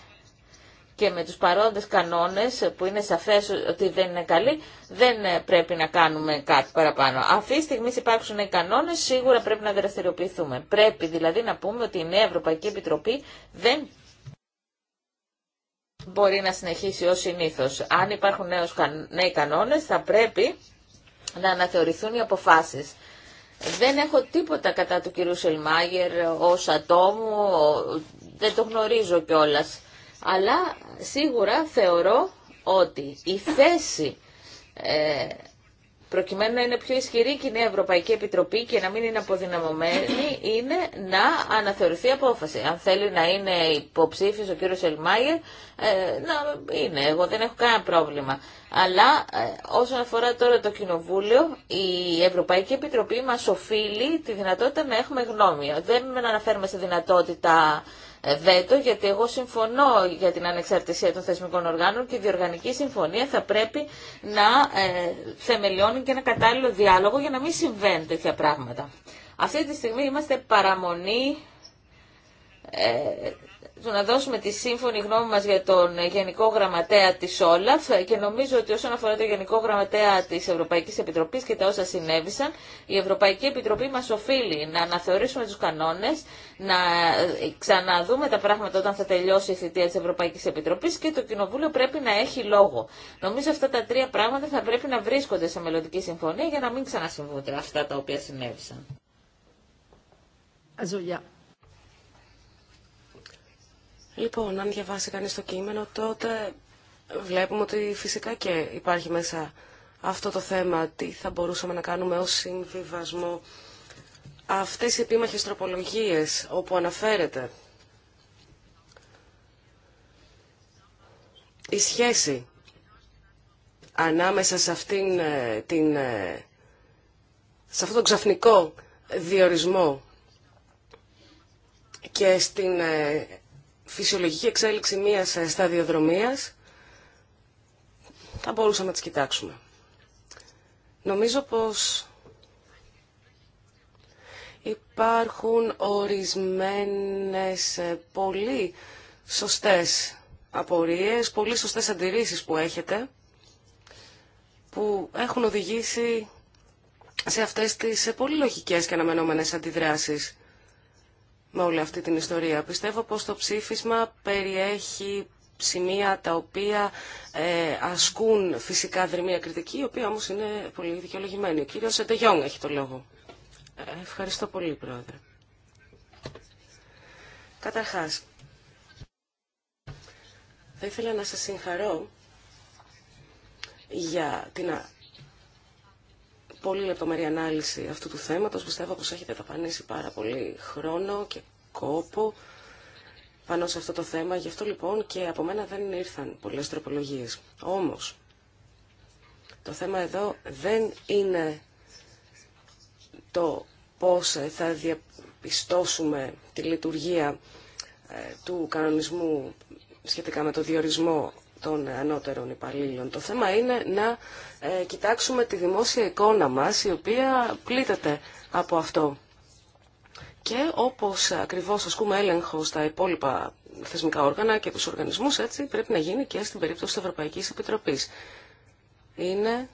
και με τους παρόντες κανόνες που είναι σαφές ότι δεν είναι καλή, δεν πρέπει να κάνουμε κάτι παραπάνω. Αυτή τη στιγμή υπάρχουν οι κανόνες, σίγουρα πρέπει να δραστηριοποιηθούμε. Πρέπει δηλαδή να πούμε ότι η Νέα Ευρωπαϊκή Επιτροπή δεν μπορεί να συνεχίσει ως συνήθως. Αν υπάρχουν νέους, νέοι κανόνες θα πρέπει να αναθεωρηθούν οι αποφάσεις. Δεν έχω τίποτα κατά του κ. Σελμάγερ ως ατόμου, δεν το γνωρίζω κιόλας αλλά σίγουρα θεωρώ ότι η θέση ε, προκειμένου να είναι πιο ισχυρή και η Κοινή Ευρωπαϊκή Επιτροπή και να μην είναι αποδυναμωμένη, είναι να αναθεωρηθεί απόφαση. Αν θέλει να είναι υποψήφιος ο κύριος Ελμάγερ, ε, να είναι. Εγώ δεν έχω κανένα πρόβλημα. Αλλά ε, όσον αφορά τώρα το Κοινοβούλιο, η Ευρωπαϊκή Επιτροπή μας οφείλει τη δυνατότητα να έχουμε γνώμη. Δεν με αναφέρουμε σε δυνατότητα ε, βέτο, γιατί εγώ συμφωνώ για την ανεξαρτησία των θεσμικών οργάνων και η διοργανική συμφωνία θα πρέπει να ε, θεμελιώνει και ένα κατάλληλο διάλογο για να μην συμβαίνουν τέτοια πράγματα. Αυτή τη στιγμή είμαστε παραμονή ε, του να δώσουμε τη σύμφωνη γνώμη μας για τον Γενικό Γραμματέα της Όλαφ και νομίζω ότι όσον αφορά τον Γενικό Γραμματέα της Ευρωπαϊκής Επιτροπής και τα όσα συνέβησαν, η Ευρωπαϊκή Επιτροπή μας οφείλει να αναθεωρήσουμε τους κανόνες, να ξαναδούμε τα πράγματα όταν θα τελειώσει η θητεία της Ευρωπαϊκής Επιτροπής και το Κοινοβούλιο πρέπει να έχει λόγο. Νομίζω αυτά τα τρία πράγματα θα πρέπει να βρίσκονται σε μελλοντική συμφωνία για να μην ξανασυμβούνται αυτά τα οποία συνέβησαν. Also, Λοιπόν, αν διαβάσει κανείς το κείμενο, τότε βλέπουμε ότι φυσικά και υπάρχει μέσα αυτό το θέμα, τι θα μπορούσαμε να κάνουμε ως συμβιβασμό. Αυτές οι επίμαχες τροπολογίες όπου αναφέρεται η σχέση ανάμεσα σε, αυτήν, ε, την, ε, σε αυτόν τον ξαφνικό διορισμό και στην ε, φυσιολογική εξέλιξη μιας ε, σταδιοδρομίας, θα μπορούσαμε να τις κοιτάξουμε. Νομίζω πως υπάρχουν ορισμένες ε, πολύ σωστές απορίες, πολύ σωστές αντιρρήσεις που έχετε, που έχουν οδηγήσει σε αυτές τις ε, πολύ λογικές και αναμενόμενες αντιδράσεις με όλη αυτή την ιστορία. Πιστεύω πως το ψήφισμα περιέχει σημεία τα οποία ε, ασκούν φυσικά δερμία κριτική, η οποία όμως είναι πολύ δικαιολογημένη. Ο κύριος Εντεγιόν έχει το λόγο. Ε, ευχαριστώ πολύ, Πρόεδρε. Καταρχάς, θα ήθελα να σας συγχαρώ για την πολύ λεπτομερή ανάλυση αυτού του θέματος. Πιστεύω πως έχετε ταπανίσει πάρα πολύ χρόνο και κόπο πάνω σε αυτό το θέμα. Γι' αυτό λοιπόν και από μένα δεν ήρθαν πολλές τροπολογίες. Όμως, το θέμα εδώ δεν είναι το πώς ε, θα διαπιστώσουμε τη λειτουργία ε, του κανονισμού σχετικά με το διορισμό των ανώτερων υπαλλήλων. Το θέμα είναι να ε, κοιτάξουμε τη δημόσια εικόνα μας, η οποία πλήττεται από αυτό. Και όπως ακριβώς ασκούμε έλεγχο στα υπόλοιπα θεσμικά όργανα και τους οργανισμούς, έτσι πρέπει να γίνει και στην περίπτωση της Ευρωπαϊκής Επιτροπής. Είναι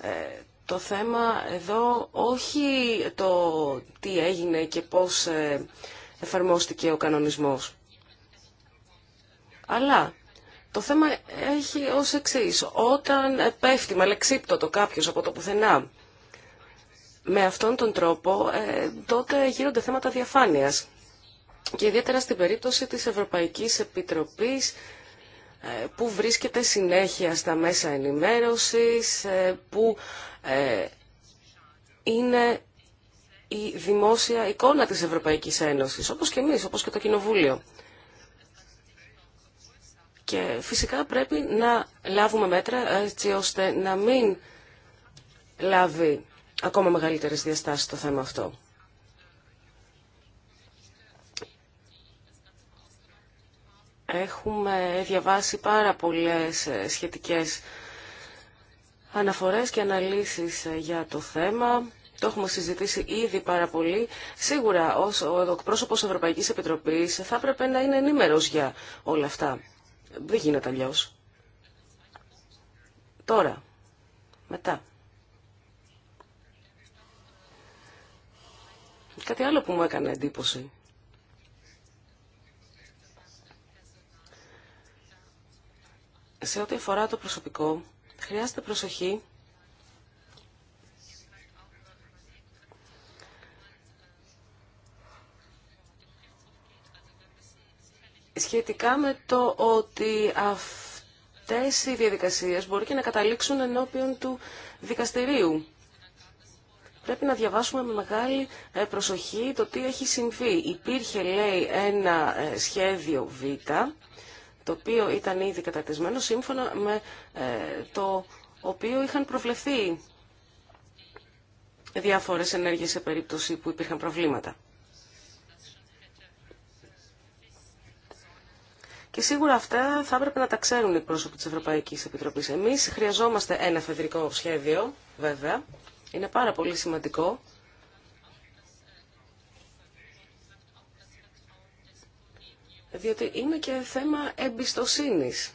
ε, το θέμα εδώ όχι το τι έγινε και πώς ε, εφαρμόστηκε ο κανονισμός. Αλλά το θέμα έχει ως εξή, Όταν πέφτει το κάποιο από το πουθενά με αυτόν τον τρόπο, ε, τότε γίνονται θέματα διαφάνειας. Και ιδιαίτερα στην περίπτωση της Ευρωπαϊκής Επιτροπής ε, που βρίσκεται συνέχεια στα μέσα ενημέρωσης, ε, που είναι η δημόσια εικόνα της Ευρωπαϊκής Ένωσης, όπως και εμείς, όπως και το Κοινοβούλιο. Και φυσικά πρέπει να λάβουμε μέτρα έτσι ώστε να μην λάβει ακόμα μεγαλύτερες διαστάσεις το θέμα αυτό. Έχουμε διαβάσει πάρα πολλές ε, σχετικές αναφορές και αναλύσεις ε, για το θέμα. Το έχουμε συζητήσει ήδη πάρα πολύ. Σίγουρα ο εκπρόσωπος Ευρωπαϊκής Επιτροπής θα έπρεπε να είναι ενήμερος για όλα αυτά. Δεν γίνεται αλλιώ. Τώρα. Μετά. Κάτι άλλο που μου έκανε εντύπωση. Σε ό,τι αφορά το προσωπικό, χρειάζεται προσοχή σχετικά με το ότι αυτές οι διαδικασίες μπορεί και να καταλήξουν ενώπιον του δικαστηρίου. Πρέπει να διαβάσουμε με μεγάλη ε, προσοχή το τι έχει συμβεί. Υπήρχε, λέει, ένα ε, σχέδιο Β, το οποίο ήταν ήδη καταρτισμένο σύμφωνα με ε, το οποίο είχαν προβλεφθεί διάφορες ενέργειες σε περίπτωση που υπήρχαν προβλήματα. Και σίγουρα αυτά θα έπρεπε να τα ξέρουν οι πρόσωποι της Ευρωπαϊκής Επιτροπής. Εμείς χρειαζόμαστε ένα φεδρικό σχέδιο, βέβαια. Είναι πάρα πολύ σημαντικό. Διότι είναι και θέμα εμπιστοσύνης.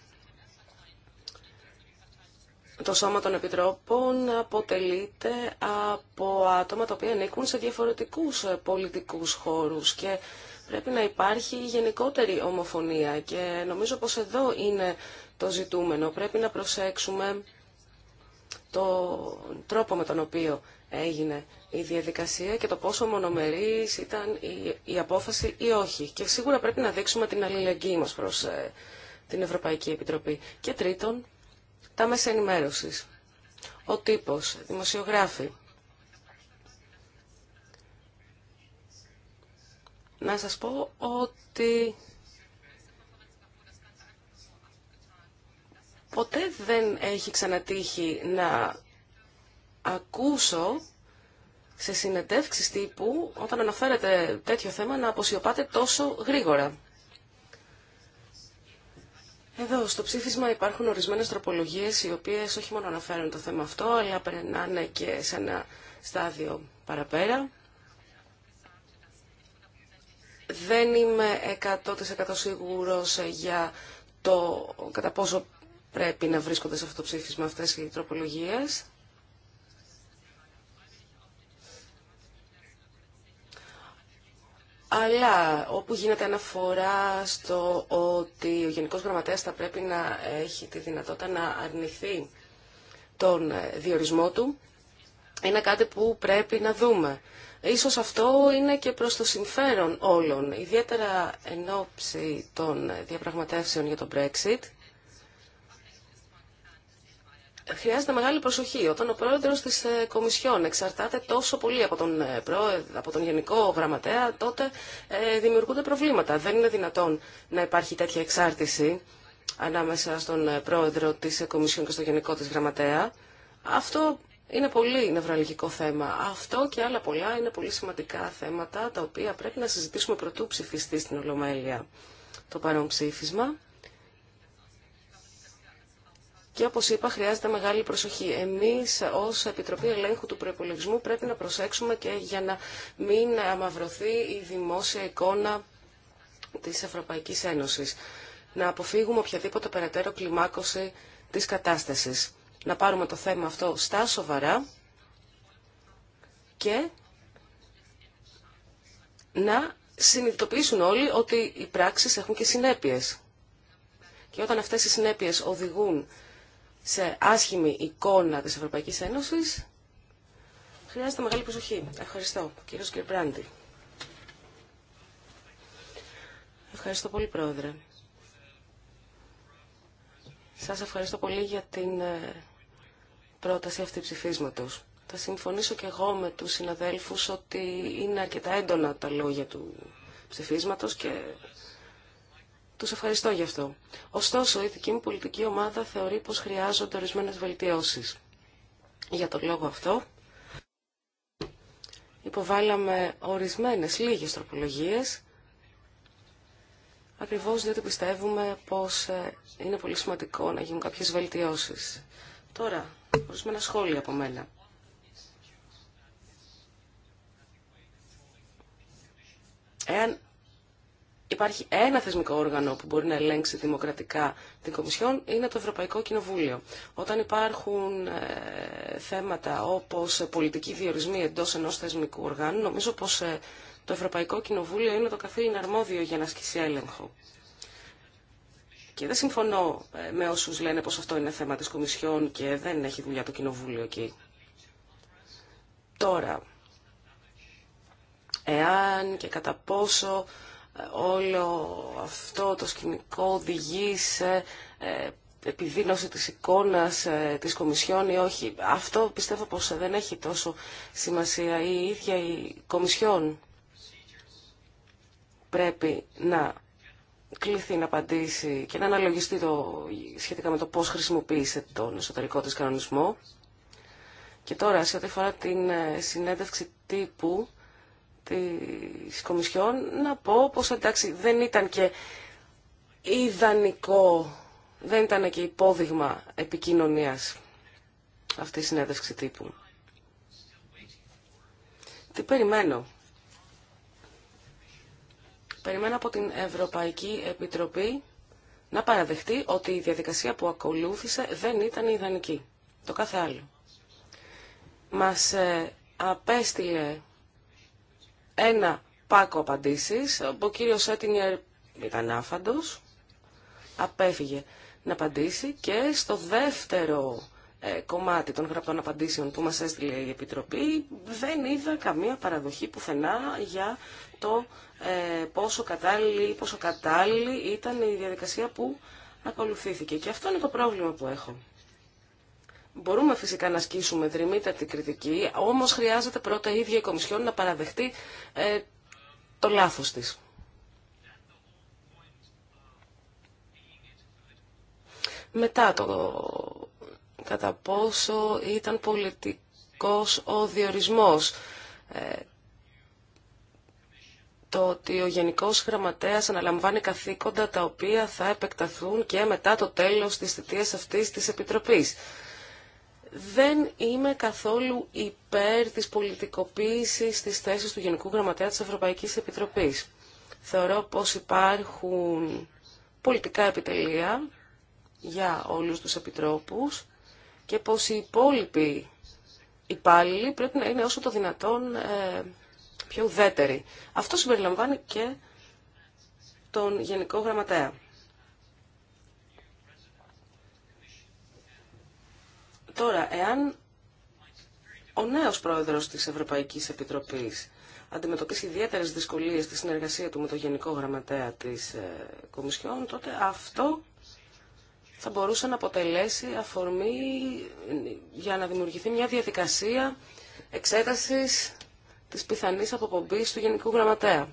Το σώμα των επιτρόπων αποτελείται από άτομα τα οποία ανήκουν σε διαφορετικούς πολιτικούς χώρους και πρέπει να υπάρχει γενικότερη ομοφωνία και νομίζω πως εδώ είναι το ζητούμενο. Πρέπει να προσέξουμε το τρόπο με τον οποίο έγινε η διαδικασία και το πόσο μονομερής ήταν η, απόφαση ή όχι. Και σίγουρα πρέπει να δείξουμε την αλληλεγγύη μας προς ε, την Ευρωπαϊκή Επιτροπή. Και τρίτον, τα μέσα ενημέρωσης. Ο τύπος, δημοσιογράφοι, να σας πω ότι ποτέ δεν έχει ξανατύχει να ακούσω σε συνεντεύξεις τύπου, όταν αναφέρεται τέτοιο θέμα, να αποσιωπάτε τόσο γρήγορα. Εδώ, στο ψήφισμα υπάρχουν ορισμένες τροπολογίες, οι οποίες όχι μόνο αναφέρουν το θέμα αυτό, αλλά περνάνε και σε ένα στάδιο παραπέρα. Δεν είμαι 100% σίγουρος για το κατά πόσο πρέπει να βρίσκονται σε αυτό το ψήφισμα αυτές οι τροπολογίες. Αλλά όπου γίνεται αναφορά στο ότι ο Γενικός Γραμματέας θα πρέπει να έχει τη δυνατότητα να αρνηθεί τον διορισμό του, είναι κάτι που πρέπει να δούμε. Ίσως αυτό είναι και προς το συμφέρον όλων, ιδιαίτερα εν ώψη των διαπραγματεύσεων για το Brexit. Χρειάζεται μεγάλη προσοχή όταν ο πρόεδρος της ε, Κομισιόν εξαρτάται τόσο πολύ από τον, ε, από τον Γενικό Γραμματέα, τότε ε, δημιουργούνται προβλήματα. Δεν είναι δυνατόν να υπάρχει τέτοια εξάρτηση ανάμεσα στον πρόεδρο της Κομισιόν και στο Γενικό της Γραμματέα. Αυτό είναι πολύ νευραλγικό θέμα. Αυτό και άλλα πολλά είναι πολύ σημαντικά θέματα τα οποία πρέπει να συζητήσουμε πρωτού ψηφιστεί στην Ολομέλεια το παρόν ψήφισμα. Και όπως είπα χρειάζεται μεγάλη προσοχή. Εμείς ως Επιτροπή Ελέγχου του προπολογισμού πρέπει να προσέξουμε και για να μην αμαυρωθεί η δημόσια εικόνα της Ευρωπαϊκή Ένωσης. Να αποφύγουμε οποιαδήποτε περαιτέρω κλιμάκωση της κατάστασης να πάρουμε το θέμα αυτό στα σοβαρά και να συνειδητοποιήσουν όλοι ότι οι πράξεις έχουν και συνέπειες. Και όταν αυτές οι συνέπειες οδηγούν σε άσχημη εικόνα της Ευρωπαϊκής Ένωσης, χρειάζεται μεγάλη προσοχή. Ευχαριστώ, κύριος Κυρπράντη. Ευχαριστώ πολύ, Πρόεδρε. Σας ευχαριστώ πολύ για την ε, πρόταση αυτή ψηφίσματος. Θα συμφωνήσω και εγώ με του συναδέλφους ότι είναι αρκετά έντονα τα λόγια του ψηφίσματο και τους ευχαριστώ γι' αυτό. Ωστόσο, η δική μου πολιτική ομάδα θεωρεί πως χρειάζονται ορισμένε βελτιώσει Για τον λόγο αυτό, υποβάλαμε ορισμένες λίγες τροπολογίες, ακριβώς διότι πιστεύουμε πως ε, είναι πολύ σημαντικό να γίνουν κάποιες βελτιώσεις. Τώρα, Ορισμένα σχόλια από μένα. Εάν υπάρχει ένα θεσμικό όργανο που μπορεί να ελέγξει δημοκρατικά την Κομισιόν, είναι το Ευρωπαϊκό Κοινοβούλιο. Όταν υπάρχουν ε, θέματα όπως πολιτικοί διορισμοί εντός ενός θεσμικού οργάνου, νομίζω πως ε, το Ευρωπαϊκό Κοινοβούλιο είναι το καθήλυν αρμόδιο για να ασκήσει έλεγχο. Και δεν συμφωνώ ε, με όσους λένε πως αυτό είναι θέμα της Κομισιόν και δεν έχει δουλειά το Κοινοβούλιο εκεί. Τώρα, εάν και κατά πόσο ε, όλο αυτό το σκηνικό οδηγεί σε ε, επιδείνωση της εικόνας της Κομισιόν ή όχι. Αυτό πιστεύω πως δεν έχει τόσο σημασία. Η ίδια η Κομισιόν πρέπει να κληθεί να απαντήσει και να αναλογιστεί το, σχετικά με το πώς χρησιμοποίησε τον εσωτερικό της κανονισμό. Και τώρα, σε ό,τι αφορά την ε, συνέντευξη τύπου της Κομισιόν, να πω πως εντάξει δεν ήταν και ιδανικό, δεν ήταν και υπόδειγμα επικοινωνίας αυτή η συνέντευξη τύπου. Τι περιμένω περιμένω από την Ευρωπαϊκή Επιτροπή να παραδεχτεί ότι η διαδικασία που ακολούθησε δεν ήταν ιδανική. Το κάθε άλλο. Μας ε, απέστειλε ένα πάκο απαντήσεις. Ο κύριος Σέτινιερ ήταν άφαντος, απέφυγε να απαντήσει και στο δεύτερο ε, κομμάτι των γραπτών απαντήσεων που μας έστειλε η Επιτροπή δεν είδα καμία παραδοχή πουθενά για το ε, πόσο κατάλληλη ή πόσο κατάλληλη ήταν η διαδικασία που ακολουθήθηκε. Και αυτό είναι το πρόβλημα που έχω. Μπορούμε φυσικά να ασκήσουμε δρυμύτατη κριτική, όμως χρειάζεται πρώτα η ίδια η Κομισιόν να ασκησουμε την κριτικη ομως χρειαζεται πρωτα η ιδια η κομισιον να παραδεχτει ε, το λάθος της. Μετά το κατά πόσο ήταν πολιτικός ο διορισμός. Ε, το ότι ο Γενικός Γραμματέας αναλαμβάνει καθήκοντα τα οποία θα επεκταθούν και μετά το τέλος της θητείας αυτής της Επιτροπής. Δεν είμαι καθόλου υπέρ της πολιτικοποίησης της θέσης του Γενικού Γραμματέα της Ευρωπαϊκής Επιτροπής. Θεωρώ πως υπάρχουν πολιτικά επιτελεία για όλους τους επιτρόπους και πως οι υπόλοιποι υπάλληλοι πρέπει να είναι όσο το δυνατόν ε, πιο ουδέτεροι. Αυτό συμπεριλαμβάνει και τον Γενικό Γραμματέα. Τώρα, εάν ο νέος πρόεδρος της Ευρωπαϊκής Επιτροπής αντιμετωπίσει ιδιαίτερε δυσκολίες στη συνεργασία του με τον Γενικό Γραμματέα της ε, Κομισιόν, τότε αυτό θα μπορούσε να αποτελέσει αφορμή για να δημιουργηθεί μια διαδικασία εξέτασης της πιθανής αποπομπής του Γενικού Γραμματέα.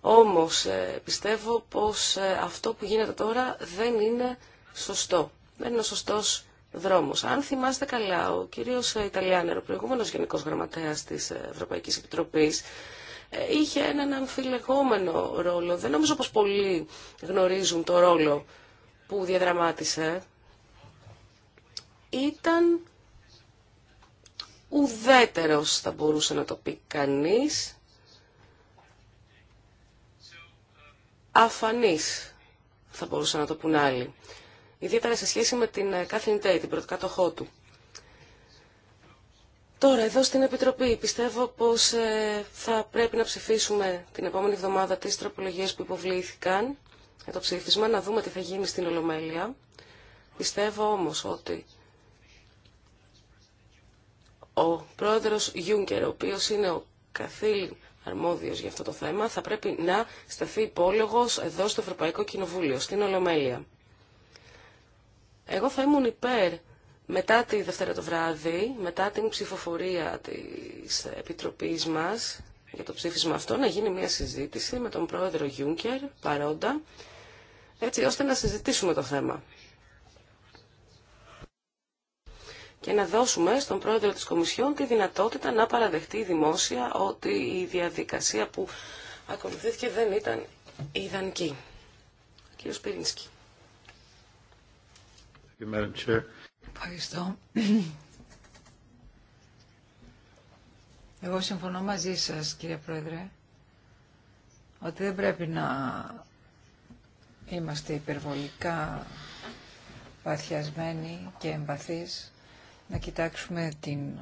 Όμως ε, πιστεύω πως ε, αυτό που γίνεται τώρα δεν είναι σωστό. Δεν είναι ο σωστός δρόμος. Αν θυμάστε καλά, ο κύριος ε, Ιταλιάνερ, ο προηγούμενος Γενικός Γραμματέας της Ευρωπαϊκής Επιτροπής, είχε έναν αμφιλεγόμενο ρόλο. Δεν νομίζω πως πολλοί γνωρίζουν το ρόλο που διαδραμάτισε ήταν ουδέτερος θα μπορούσε να το πει κανείς αφανής θα μπορούσε να το πουν άλλοι ιδιαίτερα σε σχέση με την Κάθιν ε, Τέι, την πρωτοκάτοχό του. Τώρα, εδώ στην Επιτροπή, πιστεύω πως ε, θα πρέπει να ψηφίσουμε την επόμενη εβδομάδα τις τροπολογίες που υποβλήθηκαν για το ψήφισμα, να δούμε τι θα γίνει στην Ολομέλεια. Πιστεύω όμως ότι ο πρόεδρος Γιούγκερ, ο οποίος είναι ο καθήλ αρμόδιος για αυτό το θέμα, θα πρέπει να σταθεί υπόλογος εδώ στο Ευρωπαϊκό Κοινοβούλιο, στην Ολομέλεια. Εγώ θα ήμουν υπέρ μετά τη Δευτέρα το βράδυ, μετά την ψηφοφορία της Επιτροπής μας για το ψήφισμα αυτό, να γίνει μια συζήτηση με τον πρόεδρο Γιούγκερ παρόντα έτσι ώστε να συζητήσουμε το θέμα. και να δώσουμε στον πρόεδρο της Κομισιόν τη δυνατότητα να παραδεχτεί δημόσια ότι η διαδικασία που ακολουθήθηκε δεν ήταν ιδανική. Κύριο κύριος Ευχαριστώ. Εγώ συμφωνώ μαζί σας, κύριε Πρόεδρε, ότι δεν πρέπει να είμαστε υπερβολικά παθιασμένοι και εμπαθείς, να κοιτάξουμε την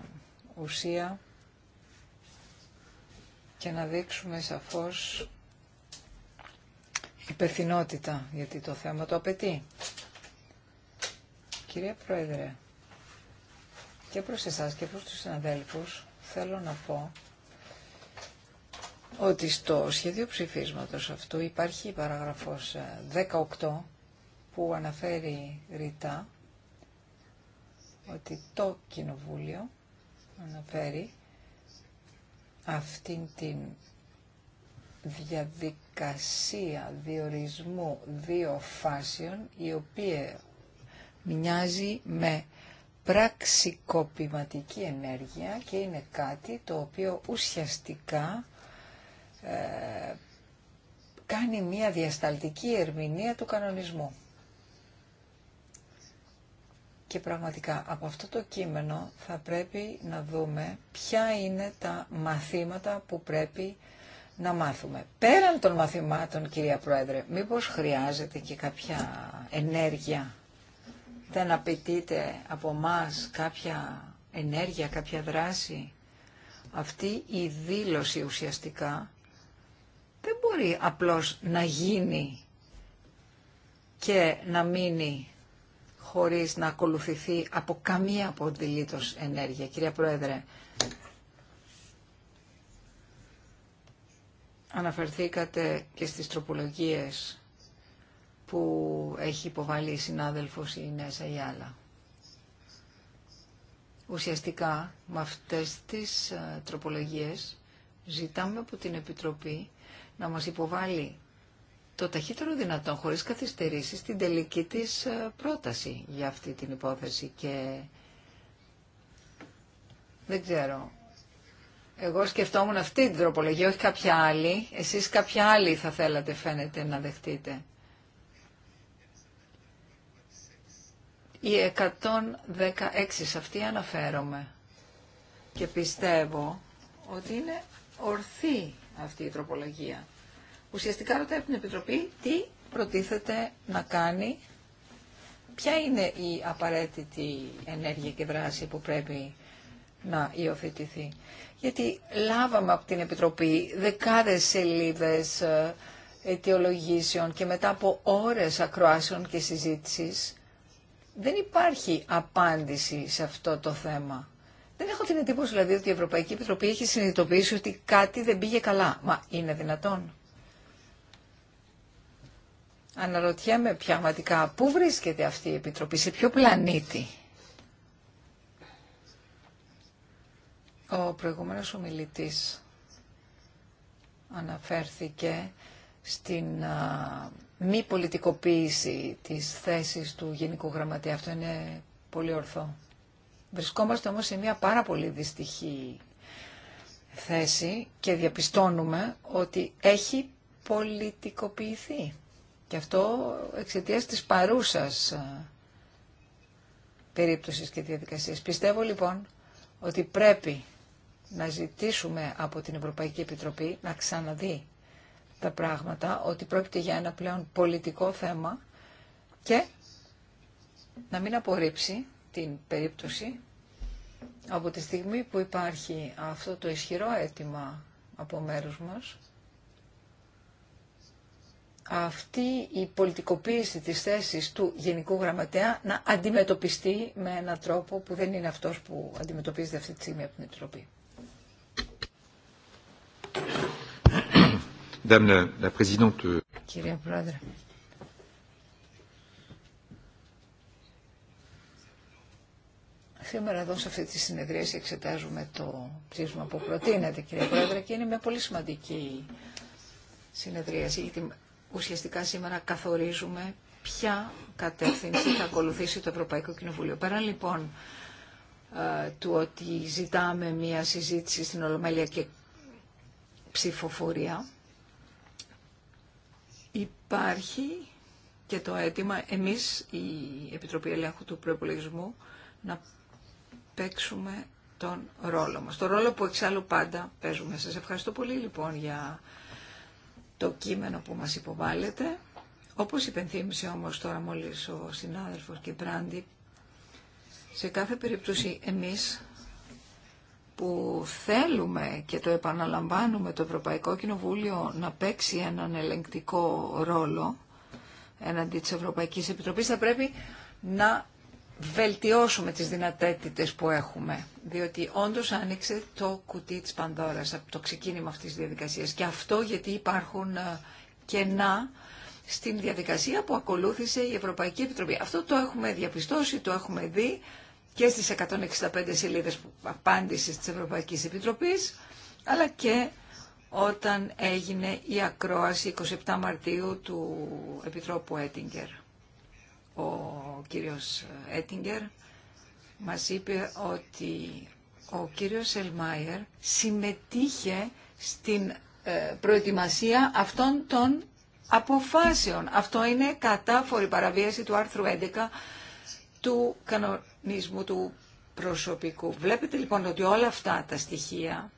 ουσία και να δείξουμε σαφώς υπευθυνότητα, γιατί το θέμα το απαιτεί. Κυρία Πρόεδρε, και προς εσάς και προς τους συναδέλφους θέλω να πω ότι στο σχέδιο ψηφίσματος αυτού υπάρχει η παραγραφός 18 ε, που αναφέρει ρητά ότι το Κοινοβούλιο αναφέρει αυτήν την διαδικασία διορισμού δύο φάσεων η οποία μοιάζει με πραξικοπηματική ενέργεια και είναι κάτι το οποίο ουσιαστικά κάνει μία διασταλτική ερμηνεία του κανονισμού. Και πραγματικά από αυτό το κείμενο θα πρέπει να δούμε ποια είναι τα μαθήματα που πρέπει να μάθουμε. Πέραν των μαθημάτων, κυρία Πρόεδρε, μήπως χρειάζεται και κάποια ενέργεια. Δεν απαιτείται από μας κάποια ενέργεια, κάποια δράση. Αυτή η δήλωση ουσιαστικά δεν μπορεί απλώς να γίνει και να μείνει χωρίς να ακολουθηθεί από καμία αποδηλήτως ενέργεια. Κυρία Πρόεδρε, αναφερθήκατε και στις τροπολογίες που έχει υποβάλει η συνάδελφος η Νέα Ουσιαστικά με αυτές τις ε, τροπολογίες ζητάμε από την Επιτροπή να μας υποβάλει το ταχύτερο δυνατόν, χωρίς καθυστερήσεις, την τελική της ε, πρόταση για αυτή την υπόθεση. Και δεν ξέρω. Εγώ σκεφτόμουν αυτή την τροπολογία, όχι κάποια άλλη. Εσείς κάποια άλλη θα θέλατε φαίνεται να δεχτείτε. Η 116 σε αυτή αναφέρομαι και πιστεύω ότι είναι ορθή αυτή η τροπολογία. Ουσιαστικά ρωτάει από την Επιτροπή τι προτίθεται να κάνει, ποια είναι η απαραίτητη ενέργεια και δράση που πρέπει να υιοθετηθεί. Γιατί λάβαμε από την Επιτροπή δεκάδες σελίδες ε, αιτιολογήσεων και μετά από ώρες ακροάσεων και συζήτησης δεν υπάρχει απάντηση σε αυτό το θέμα. Δεν έχω την εντύπωση δηλαδή ότι η Ευρωπαϊκή Επιτροπή έχει συνειδητοποιήσει ότι κάτι δεν πήγε καλά. Μα είναι δυνατόν. Αναρωτιέμαι ματικά πού βρίσκεται αυτή η Επιτροπή, σε ποιο πλανήτη. Ο προηγούμενος ομιλητής αναφέρθηκε στην μη πολιτικοποίηση της θέσης του Γενικού Γραμματέα. Αυτό είναι πολύ ορθό. Βρισκόμαστε όμως σε μια πάρα πολύ δυστυχή θέση και διαπιστώνουμε ότι έχει πολιτικοποιηθεί. Και αυτό εξαιτίας της παρούσας ε, περίπτωσης και διαδικασίας. Πιστεύω λοιπόν ότι πρέπει να ζητήσουμε από την Ευρωπαϊκή Επιτροπή να ξαναδεί τα πράγματα, ότι πρόκειται για ένα πλέον πολιτικό θέμα και να μην απορρίψει την περίπτωση από τη στιγμή που υπάρχει αυτό το ισχυρό αίτημα από μέρους μας, αυτή η πολιτικοποίηση της θέσης του Γενικού Γραμματέα να αντιμετωπιστεί με έναν τρόπο που δεν είναι αυτός που αντιμετωπίζεται αυτή τη στιγμή από την Επιτροπή. Κυρία Πρόεδρε, Σήμερα εδώ σε αυτή τη συνεδρία εξετάζουμε το ψήφισμα που προτείνεται κύριε Πρόεδρε και είναι μια πολύ σημαντική συνεδρίαση γιατί ουσιαστικά σήμερα καθορίζουμε ποια κατεύθυνση θα ακολουθήσει το Ευρωπαϊκό Κοινοβούλιο. Πέρα λοιπόν ε, του ότι ζητάμε μια συζήτηση στην Ολομέλεια και ψηφοφορία υπάρχει και το αίτημα εμείς η Επιτροπή Ελέγχου του προπολογισμού, να παίξουμε τον ρόλο μας. Το ρόλο που εξάλλου πάντα παίζουμε. Σας ευχαριστώ πολύ λοιπόν για το κείμενο που μας υποβάλλετε. Όπως υπενθύμισε όμως τώρα μόλις ο συνάδελφος Κυπράντη, σε κάθε περίπτωση εμείς που θέλουμε και το επαναλαμβάνουμε το Ευρωπαϊκό Κοινοβούλιο να παίξει έναν ελεγκτικό ρόλο εναντί της Ευρωπαϊκής Επιτροπής θα πρέπει να βελτιώσουμε τις δυνατότητες που έχουμε. Διότι όντως άνοιξε το κουτί της Πανδώρας από το ξεκίνημα αυτής της διαδικασίας. Και αυτό γιατί υπάρχουν ε, κενά στην διαδικασία που ακολούθησε η Ευρωπαϊκή Επιτροπή. Αυτό το έχουμε διαπιστώσει, το έχουμε δει και στις 165 σελίδες απάντησης της Ευρωπαϊκής Επιτροπής, αλλά και όταν έγινε η ακρόαση 27 Μαρτίου του Επιτρόπου Έτιγκερ ο κύριος Έτιγκερ μας είπε ότι ο κύριος Ελμάιερ συμμετείχε στην ε, προετοιμασία αυτών των αποφάσεων. Αυτό είναι κατάφορη παραβίαση του άρθρου 11 του κανονισμού του προσωπικού. Βλέπετε λοιπόν ότι όλα αυτά τα στοιχεία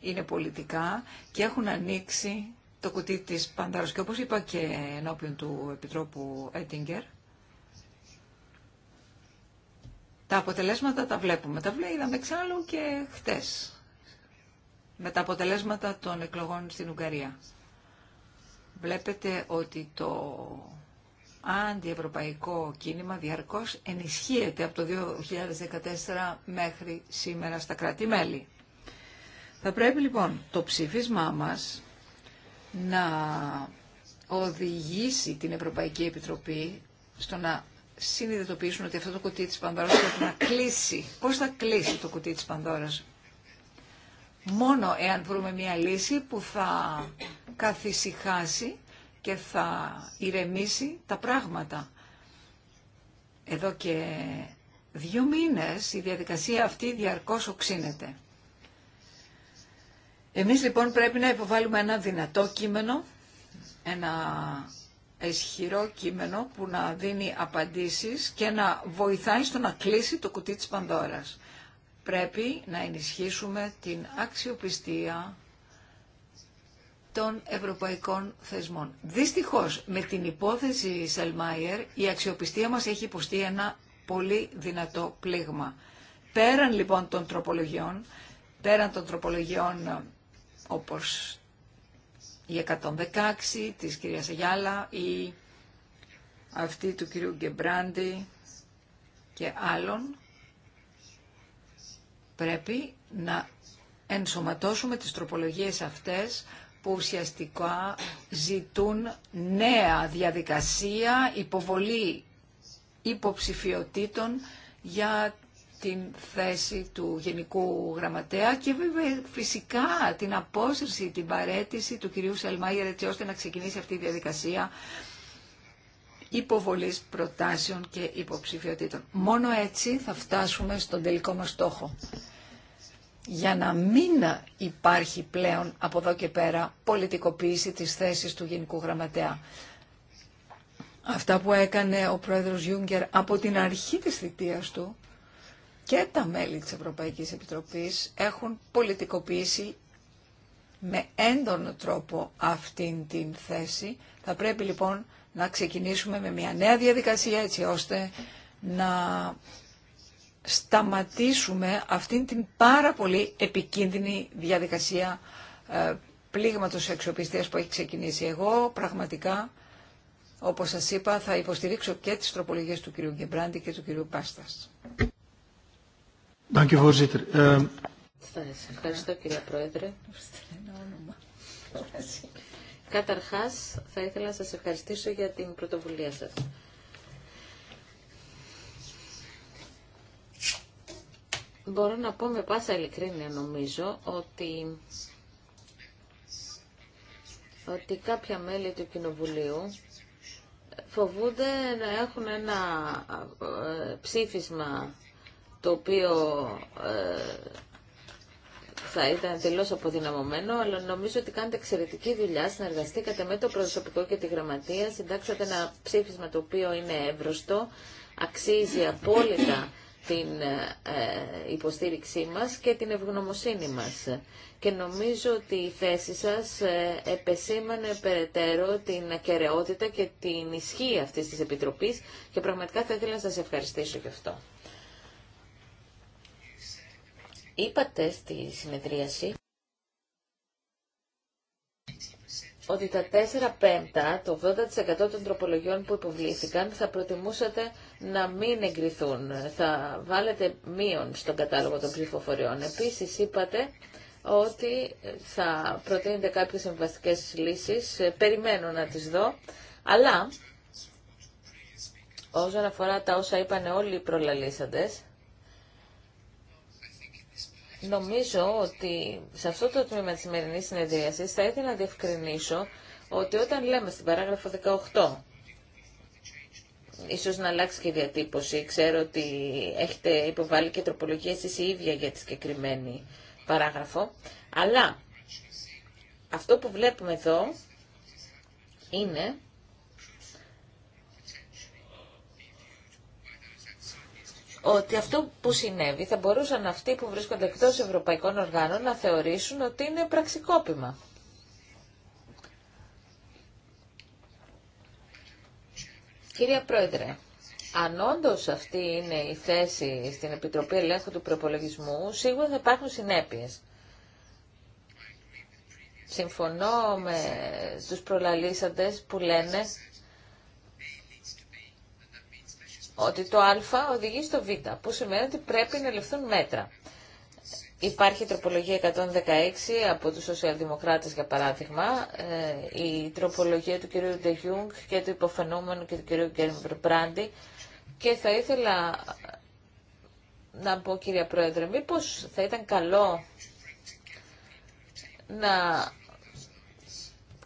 είναι πολιτικά και έχουν ανοίξει το κουτί της Πανδάρος. Και όπως είπα και ενώπιον του Επιτρόπου Έτιγκερ, Τα αποτελέσματα τα βλέπουμε. Τα βλέπουμε εξάλλου και χτες με τα αποτελέσματα των εκλογών στην Ουγγαρία. Βλέπετε ότι το αντιευρωπαϊκό κίνημα διαρκώς ενισχύεται από το 2014 μέχρι σήμερα στα κράτη-μέλη. Θα πρέπει λοιπόν το ψήφισμά μας να οδηγήσει την Ευρωπαϊκή Επιτροπή στο να συνειδητοποιήσουν ότι αυτό το κουτί της Πανδώρας πρέπει να κλείσει. Πώς θα κλείσει το κουτί της Πανδώρας. Μόνο εάν βρούμε μια λύση που θα καθησυχάσει και θα ηρεμήσει τα πράγματα. Εδώ και δύο μήνες η διαδικασία αυτή διαρκώς οξύνεται. Εμείς λοιπόν πρέπει να υποβάλουμε ένα δυνατό κείμενο, ένα ισχυρό κείμενο που να δίνει απαντήσεις και να βοηθάει στο να κλείσει το κουτί της Πανδώρας. Πρέπει να ενισχύσουμε την αξιοπιστία των ευρωπαϊκών θεσμών. Δυστυχώς, με την υπόθεση Σελμάιερ, η αξιοπιστία μας έχει υποστεί ένα πολύ δυνατό πλήγμα. Πέραν λοιπόν των τροπολογιών, πέραν των τροπολογιών ε, όπως η 116 της κυρίας Αγιάλα, η αυτή του κυρίου Γκεμπράντη και άλλων, πρέπει να ενσωματώσουμε τις τροπολογίες αυτές που ουσιαστικά ζητούν νέα διαδικασία υποβολή υποψηφιοτήτων για την θέση του Γενικού Γραμματέα και βέβαια φυσικά την απόσυρση, την παρέτηση του κυρίου Σελμάγερ έτσι ώστε να ξεκινήσει αυτή η διαδικασία υποβολής προτάσεων και υποψηφιότητων. Μόνο έτσι θα φτάσουμε στον τελικό μας στόχο. Για να μην υπάρχει πλέον από εδώ και πέρα πολιτικοποίηση της θέσης του Γενικού Γραμματέα. Αυτά που έκανε ο πρόεδρος Γιούγκερ από την αρχή της θητείας του και τα μέλη της Ευρωπαϊκής Επιτροπής έχουν πολιτικοποιήσει με έντονο τρόπο αυτήν την θέση. Θα πρέπει λοιπόν να ξεκινήσουμε με μια νέα διαδικασία έτσι ώστε να σταματήσουμε αυτήν την πάρα πολύ επικίνδυνη διαδικασία ε, πλήγματος αξιοπιστίας που έχει ξεκινήσει. Εγώ πραγματικά, όπως σας είπα, θα υποστηρίξω και τις τροπολογίες του κ. Γκεμπράντη και του κ. Πάστας. Um, Ευχαριστώ κύριε Πρόεδρε. Καταρχάς θα ήθελα να σας ευχαριστήσω για την πρωτοβουλία σας. Μπορώ να πω με πάσα ειλικρίνεια νομίζω ότι, ότι κάποια μέλη του Κοινοβουλίου φοβούνται να έχουν ένα ε, ψήφισμα το οποίο ε, θα ήταν τελώς αποδυναμωμένο, αλλά νομίζω ότι κάνετε εξαιρετική δουλειά, συνεργαστήκατε με το προσωπικό και τη γραμματεία, συντάξατε ένα ψήφισμα το οποίο είναι εύρωστο, αξίζει απόλυτα την ε, υποστήριξή μας και την ευγνωμοσύνη μας. Και νομίζω ότι η θέση σας ε, επεσήμανε περαιτέρω την ακαιρεότητα και την ισχύ αυτής της Επιτροπής και πραγματικά θα ήθελα να σας ευχαριστήσω γι' αυτό. Είπατε στη συνεδρίαση ότι τα 4 πέμπτα, το 80% των τροπολογιών που υποβλήθηκαν, θα προτιμούσατε να μην εγκριθούν. Θα βάλετε μείον στον κατάλογο των ψηφοφοριών. Επίσης είπατε ότι θα προτείνετε κάποιες συμβαστικές λύσεις. Ε, περιμένω να τις δω. Αλλά, όσον αφορά τα όσα είπαν όλοι οι προλαλήσαντες, Νομίζω ότι σε αυτό το τμήμα της σημερινής συνεδρίασης θα ήθελα να διευκρινίσω ότι όταν λέμε στην παράγραφο 18 ίσως να αλλάξει και η διατύπωση. Ξέρω ότι έχετε υποβάλει και τροπολογία εσείς η ίδια για τη συγκεκριμένη παράγραφο. Αλλά αυτό που βλέπουμε εδώ είναι ότι αυτό που συνέβη θα μπορούσαν αυτοί που βρίσκονται εκτός ευρωπαϊκών οργάνων να θεωρήσουν ότι είναι πραξικόπημα. Κυρία Πρόεδρε, αν όντω αυτή είναι η θέση στην Επιτροπή Ελέγχου του Προπολογισμού, σίγουρα θα υπάρχουν συνέπειε. Συμφωνώ με τους προλαλήσαντες που λένε ότι το α οδηγεί στο β, που σημαίνει ότι πρέπει να ληφθούν μέτρα. Υπάρχει τροπολογία 116 από τους σοσιαλδημοκράτες, για παράδειγμα, ε, η τροπολογία του κ. Ντεγιούγκ και του υποφαινόμενου και του κ. Γκέρμπραντι και θα ήθελα να πω, κυρία Πρόεδρε, μήπως θα ήταν καλό να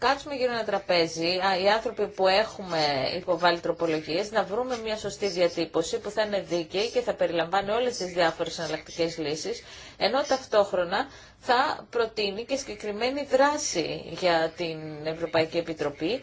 κάτσουμε γύρω ένα τραπέζι, οι άνθρωποι που έχουμε υποβάλει τροπολογίε, να βρούμε μια σωστή διατύπωση που θα είναι δίκαιη και θα περιλαμβάνει όλε τι διάφορε εναλλακτικέ λύσει, ενώ ταυτόχρονα θα προτείνει και συγκεκριμένη δράση για την Ευρωπαϊκή Επιτροπή,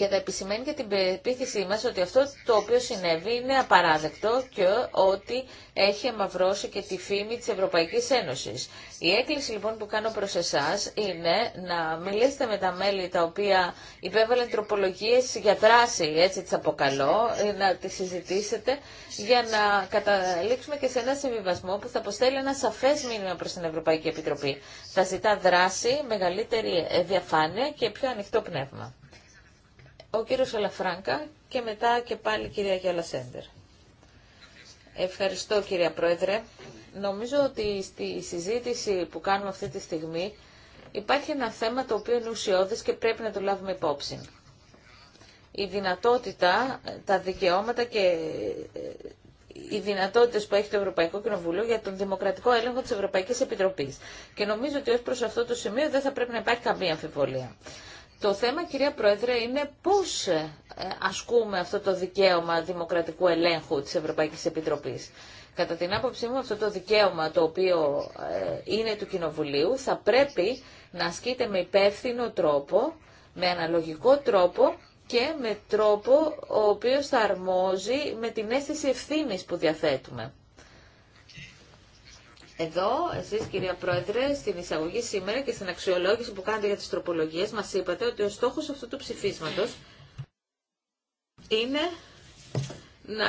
και θα επισημαίνει και την πεποίθησή μας ότι αυτό το οποίο συνέβη είναι απαράδεκτο και ότι έχει αμαυρώσει και τη φήμη της Ευρωπαϊκής Ένωσης. Η έκκληση λοιπόν που κάνω προς εσάς είναι να μιλήσετε με τα μέλη τα οποία υπέβαλαν τροπολογίες για δράση, έτσι τις αποκαλώ, ε, να τις συζητήσετε για να καταλήξουμε και σε ένα συμβιβασμό που θα αποστέλει ένα σαφές μήνυμα προς την Ευρωπαϊκή Επιτροπή. Θα ζητά δράση, μεγαλύτερη ε, διαφάνεια και πιο ανοιχτό πνεύμα. Ο κύριος Αλαφράγκα και μετά και πάλι η κυρία Γιάλα Σέντερ. Ευχαριστώ κυρία Πρόεδρε. Νομίζω ότι στη συζήτηση που κάνουμε αυτή τη στιγμή υπάρχει ένα θέμα το οποίο είναι ουσιώδης και πρέπει να το λάβουμε υπόψη. Η δυνατότητα, τα δικαιώματα και ε, οι δυνατότητες που έχει το Ευρωπαϊκό Κοινοβούλιο για τον δημοκρατικό έλεγχο της Ευρωπαϊκής Επιτροπής. Και νομίζω ότι ως προς αυτό το σημείο δεν θα πρέπει να υπάρχει καμία αμφιβολία. Το θέμα, κυρία Πρόεδρε, είναι πώς ε, ασκούμε αυτό το δικαίωμα δημοκρατικού ελέγχου της Ευρωπαϊκής Επιτροπής. Κατά την άποψή μου, αυτό το δικαίωμα το οποίο ε, είναι του Κοινοβουλίου θα πρέπει να ασκείται με υπεύθυνο τρόπο, με αναλογικό τρόπο και με τρόπο ο οποίος θα αρμόζει με την αίσθηση ευθύνης που διαθέτουμε. Εδώ, εσείς κυρία Πρόεδρε, στην εισαγωγή σήμερα και στην αξιολόγηση που κάνετε για τις τροπολογίες, μας είπατε ότι ο στόχος αυτού του ψηφίσματος είναι να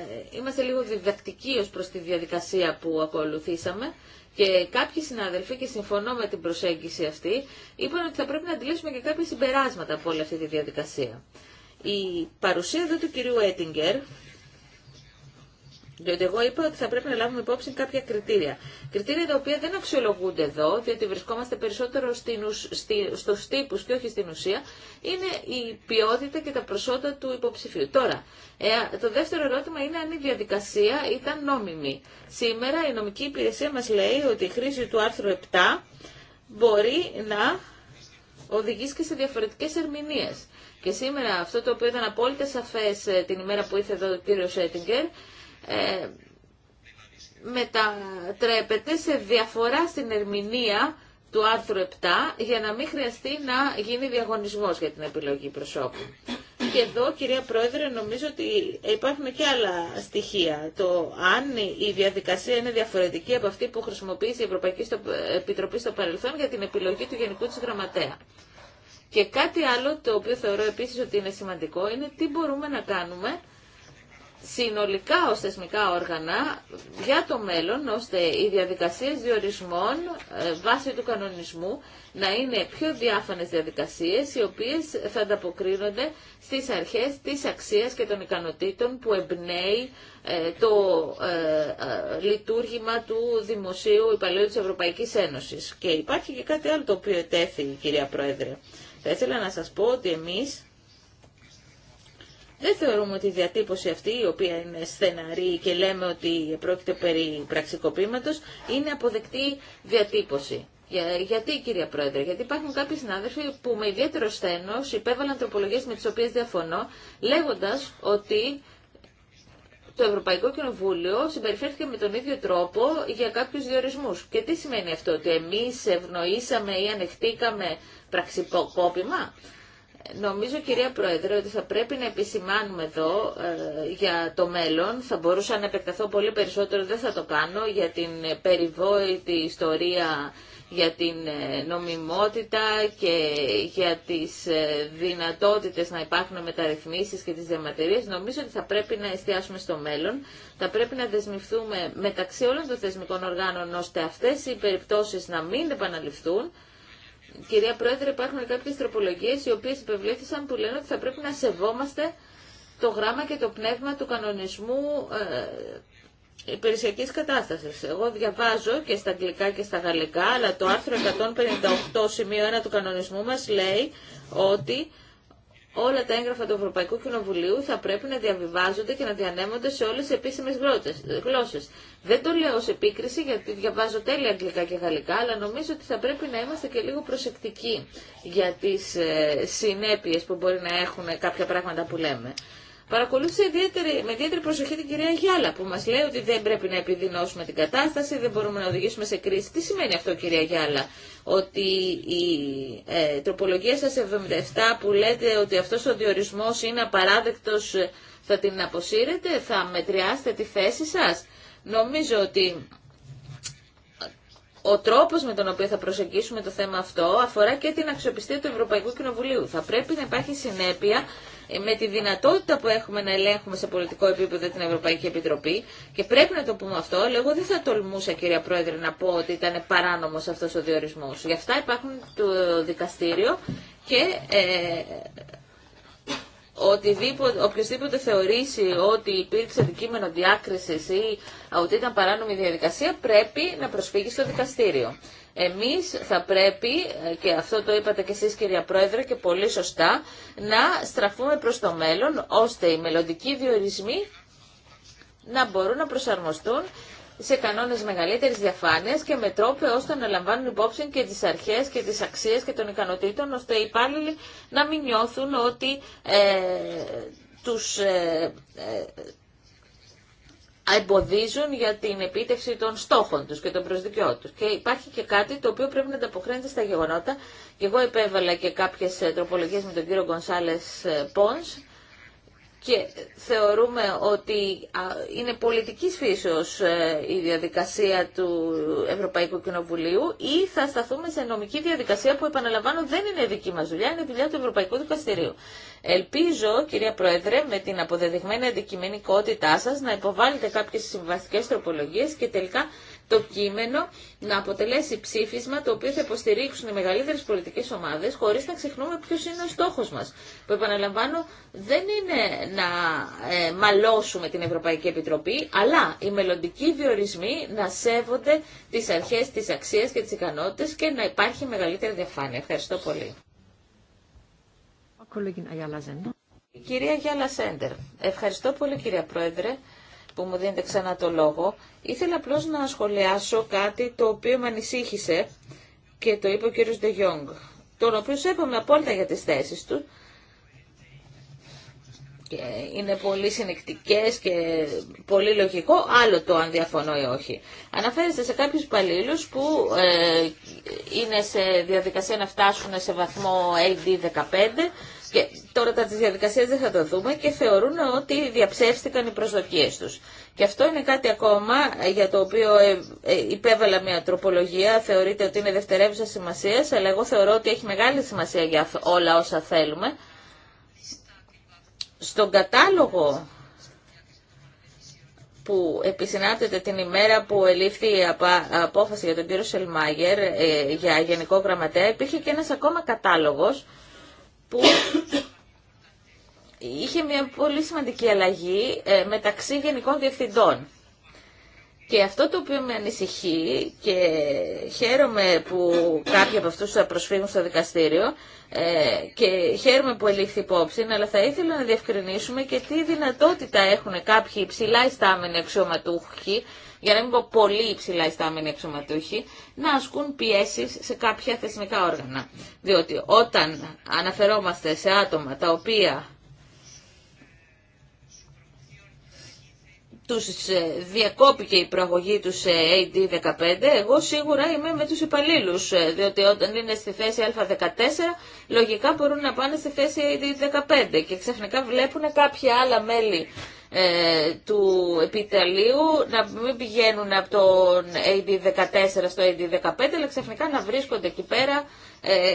ε, είμαστε λίγο διδακτικοί ως προς τη διαδικασία που ακολουθήσαμε και κάποιοι συνάδελφοι, και συμφωνώ με την προσέγγιση αυτή, είπαν ότι θα πρέπει να αντιλήσουμε και κάποια συμπεράσματα από όλη αυτή τη διαδικασία. Η παρουσία εδώ του κυρίου Έτιγκερ διότι εγώ είπα ότι θα πρέπει να λάβουμε υπόψη κάποια κριτήρια. Κριτήρια τα οποία δεν αξιολογούνται εδώ, διότι βρισκόμαστε περισσότερο στου τύπου και όχι στην ουσία, είναι η ποιότητα και τα προσόντα του υποψηφίου. Τώρα, ε, το δεύτερο ερώτημα είναι αν η διαδικασία ήταν νόμιμη. Σήμερα η νομική υπηρεσία μας λέει ότι η χρήση του άρθρου 7 μπορεί να οδηγήσει και σε διαφορετικές ερμηνείες. Και σήμερα αυτό το οποίο ήταν απόλυτα σαφές ε, την ημέρα που ήρθε εδώ ο κύριος Έτιγκερ, ε, μετατρέπεται σε διαφορά στην ερμηνεία του άρθρου 7 για να μην χρειαστεί να γίνει διαγωνισμός για την επιλογή προσώπου. Και εδώ, κυρία Πρόεδρε, νομίζω ότι υπάρχουν και άλλα στοιχεία. Το αν η διαδικασία είναι διαφορετική από αυτή που χρησιμοποιεί η Ευρωπαϊκή Επιτροπή στο παρελθόν για την επιλογή του Γενικού της Γραμματέα. Και κάτι άλλο το οποίο θεωρώ επίσης ότι είναι σημαντικό είναι τι μπορούμε να κάνουμε συνολικά ως θεσμικά όργανα για το μέλλον, ώστε οι διαδικασίες διορισμών ε, βάσει του κανονισμού να είναι πιο διάφανες διαδικασίες, οι οποίες θα ανταποκρίνονται στις αρχές της αξίας και των ικανοτήτων που εμπνέει ε, το ε, λειτουργήμα του Δημοσίου Υπαλλήλου της Ευρωπαϊκής Ένωσης. Και υπάρχει και κάτι άλλο το οποίο ετέθη, κυρία Πρόεδρε. Θα ήθελα να σας πω ότι εμείς δεν θεωρούμε ότι η διατύπωση αυτή, η οποία είναι στεναρή και λέμε ότι πρόκειται περί πραξικοπήματος, είναι αποδεκτή διατύπωση. Για, γιατί κύριε Πρόεδρε, γιατί υπάρχουν κάποιοι συνάδελφοι που με ιδιαίτερο στένος υπέβαλαν τροπολογίες με τις οποίες διαφωνώ, λέγοντας ότι το Ευρωπαϊκό Κοινοβούλιο συμπεριφέρθηκε με τον ίδιο τρόπο για κάποιους διορισμούς. Και τι σημαίνει αυτό, ότι εμείς ευνοήσαμε ή ανεχτήκαμε πραξικόπημα. Νομίζω, κυρία Πρόεδρε, ότι θα πρέπει να επισημάνουμε εδώ ε, για το μέλλον. Θα μπορούσα να επεκταθώ πολύ περισσότερο, δεν θα το κάνω, για την περιβόητη ιστορία για την ε, νομιμότητα και για τις ε, δυνατότητες να υπάρχουν μεταρρυθμίσεις και τις διαμαρτυρίες, νομίζω ότι θα πρέπει να εστιάσουμε στο μέλλον. Θα πρέπει να δεσμευτούμε μεταξύ όλων των θεσμικών οργάνων, ώστε αυτές οι περιπτώσεις να μην επαναληφθούν Κυρία Πρόεδρε, υπάρχουν κάποιες τροπολογίες οι οποίες υπευλήθησαν που λένε ότι θα πρέπει να σεβόμαστε το γράμμα και το πνεύμα του κανονισμού ε, υπηρεσιακής κατάστασης. Εγώ διαβάζω και στα αγγλικά και στα γαλλικά, αλλά το άρθρο 158 σημείο 1 του κανονισμού μας λέει ότι όλα τα έγγραφα του Ευρωπαϊκού Κοινοβουλίου θα πρέπει να διαβιβάζονται και να διανέμονται σε όλες τις επίσημες γλώσσες. Δεν το λέω ως επίκριση γιατί διαβάζω τέλεια αγγλικά και γαλλικά, αλλά νομίζω ότι θα πρέπει να είμαστε και λίγο προσεκτικοί για τις ε, συνέπειες που μπορεί να έχουν κάποια πράγματα που λέμε. Παρακολούθησε ιδιαίτερη, με ιδιαίτερη προσοχή την κυρία Γιάλα που μα λέει ότι δεν πρέπει να επιδεινώσουμε την κατάσταση, δεν μπορούμε να οδηγήσουμε σε κρίση. Τι σημαίνει αυτό κυρία Γιάλα, ότι η ε, τροπολογία σας 77 που λέτε ότι αυτό ο διορισμό είναι απαράδεκτο, ε, θα την αποσύρετε, θα μετριάσετε τη θέση σα. Νομίζω ότι ο τρόπο με τον οποίο θα προσεγγίσουμε το θέμα αυτό αφορά και την αξιοπιστία του Ευρωπαϊκού Κοινοβουλίου. Θα πρέπει να υπάρχει συνέπεια με τη δυνατότητα που έχουμε να ελέγχουμε σε πολιτικό επίπεδο την Ευρωπαϊκή Επιτροπή και πρέπει να το πούμε αυτό, αλλά εγώ δεν θα τολμούσα κυρία Πρόεδρε να πω ότι ήταν παράνομος αυτός ο διορισμός. Γι' αυτά υπάρχουν το δικαστήριο και ε, οτιδήποτε, οποιοςδήποτε θεωρήσει ότι υπήρξε αντικείμενο διάκρισης ή ότι ήταν παράνομη διαδικασία πρέπει να προσφύγει στο δικαστήριο. Εμείς θα πρέπει, και αυτό το είπατε και εσείς κυρία Πρόεδρε και πολύ σωστά, να στραφούμε προς το μέλλον ώστε οι μελλοντικοί διορισμοί να μπορούν να προσαρμοστούν σε κανόνες μεγαλύτερης διαφάνειας και με τρόπο ώστε να λαμβάνουν υπόψη και τις αρχές και τις αξίες και των ικανοτήτων ώστε οι υπάλληλοι να μην νιώθουν ότι ε, τους ε, ε, εμποδίζουν για την επίτευξη των στόχων τους και των προσδικιών τους. Και υπάρχει και κάτι το οποίο πρέπει να ανταποκρίνεται στα γεγονότα. Και εγώ επέβαλα και κάποιες τροπολογίες με τον κύριο Γκονσάλες ε, Πόνς και θεωρούμε ότι είναι πολιτικής φύσεως ε, η διαδικασία του Ευρωπαϊκού Κοινοβουλίου ή θα σταθούμε σε νομική διαδικασία που επαναλαμβάνω δεν είναι δική μας δουλειά, είναι δουλειά του Ευρωπαϊκού Δικαστηρίου. Ελπίζω, κυρία Πρόεδρε, με την αποδεδειγμένη αντικειμενικότητά σας να υποβάλλετε κάποιες συμβαστικές τροπολογίες και τελικά το κείμενο να αποτελέσει ψήφισμα το οποίο θα υποστηρίξουν οι μεγαλύτερε πολιτικέ ομάδε, χωρί να ξεχνούμε ποιο είναι ο στόχο μα. Που επαναλαμβάνω, δεν είναι να ε, μαλώσουμε την Ευρωπαϊκή Επιτροπή, αλλά οι μελλοντικοί διορισμοί να σέβονται τι αρχέ, τι αξίε και τι ικανότητε και να υπάρχει μεγαλύτερη διαφάνεια. Ευχαριστώ πολύ. κυρία Γιάλα Σέντερ. Ευχαριστώ πολύ κυρία Πρόεδρε που μου δίνετε ξανά το λόγο. Ήθελα απλώ να σχολιάσω κάτι το οποίο με ανησύχησε και το είπε ο κύριος Ντε τον οποίο σέβομαι απόλυτα για τις θέσεις του και είναι πολύ συνεκτικές και πολύ λογικό, άλλο το αν διαφωνώ ή όχι. Αναφέρεστε σε κάποιους υπαλλήλου που ε, είναι σε διαδικασία να φτάσουν σε βαθμο ld AD15 και τώρα τα της δεν θα το δούμε και θεωρούν ότι διαψεύστηκαν οι προσδοκίε τους. Και αυτό είναι κάτι ακόμα για το οποίο ε, ε, υπέβαλα μια τροπολογία, θεωρείται ότι είναι δευτερεύουσα σημασία, αλλά εγώ θεωρώ ότι έχει μεγάλη σημασία για όλα όσα θέλουμε. Στον κατάλογο που επισυνάπτεται την ημέρα που ελήφθη η απόφαση για τον κύριο Σελμάγερ ε, για γενικό γραμματέα, υπήρχε και ένας ακόμα κατάλογος που είχε μια πολύ σημαντική αλλαγή ε, μεταξύ γενικών διευθυντών. Και αυτό το οποίο με ανησυχεί και χαίρομαι που κάποιοι από αυτούς θα προσφύγουν στο δικαστήριο ε, και χαίρομαι που ελήφθη υπόψη, αλλά θα ήθελα να διευκρινίσουμε και τι δυνατότητα έχουν κάποιοι υψηλά ιστάμενοι αξιωματούχοι για να μην πω πολύ υψηλά ιστάμενοι εξωματούχοι, να ασκούν πιέσει σε κάποια θεσμικά όργανα. Διότι όταν αναφερόμαστε σε άτομα τα οποία τους ε, διακόπηκε η προαγωγή τους σε AD15, εγώ σίγουρα είμαι με τους υπαλλήλου, ε, διότι όταν είναι στη θέση Α14, λογικά μπορούν να πάνε στη θέση AD15 και ξαφνικά βλέπουν κάποια άλλα μέλη ε, του επιτελείου, να μην πηγαίνουν από τον AD14 στο AD15, αλλά ξαφνικά να βρίσκονται εκεί πέρα ε,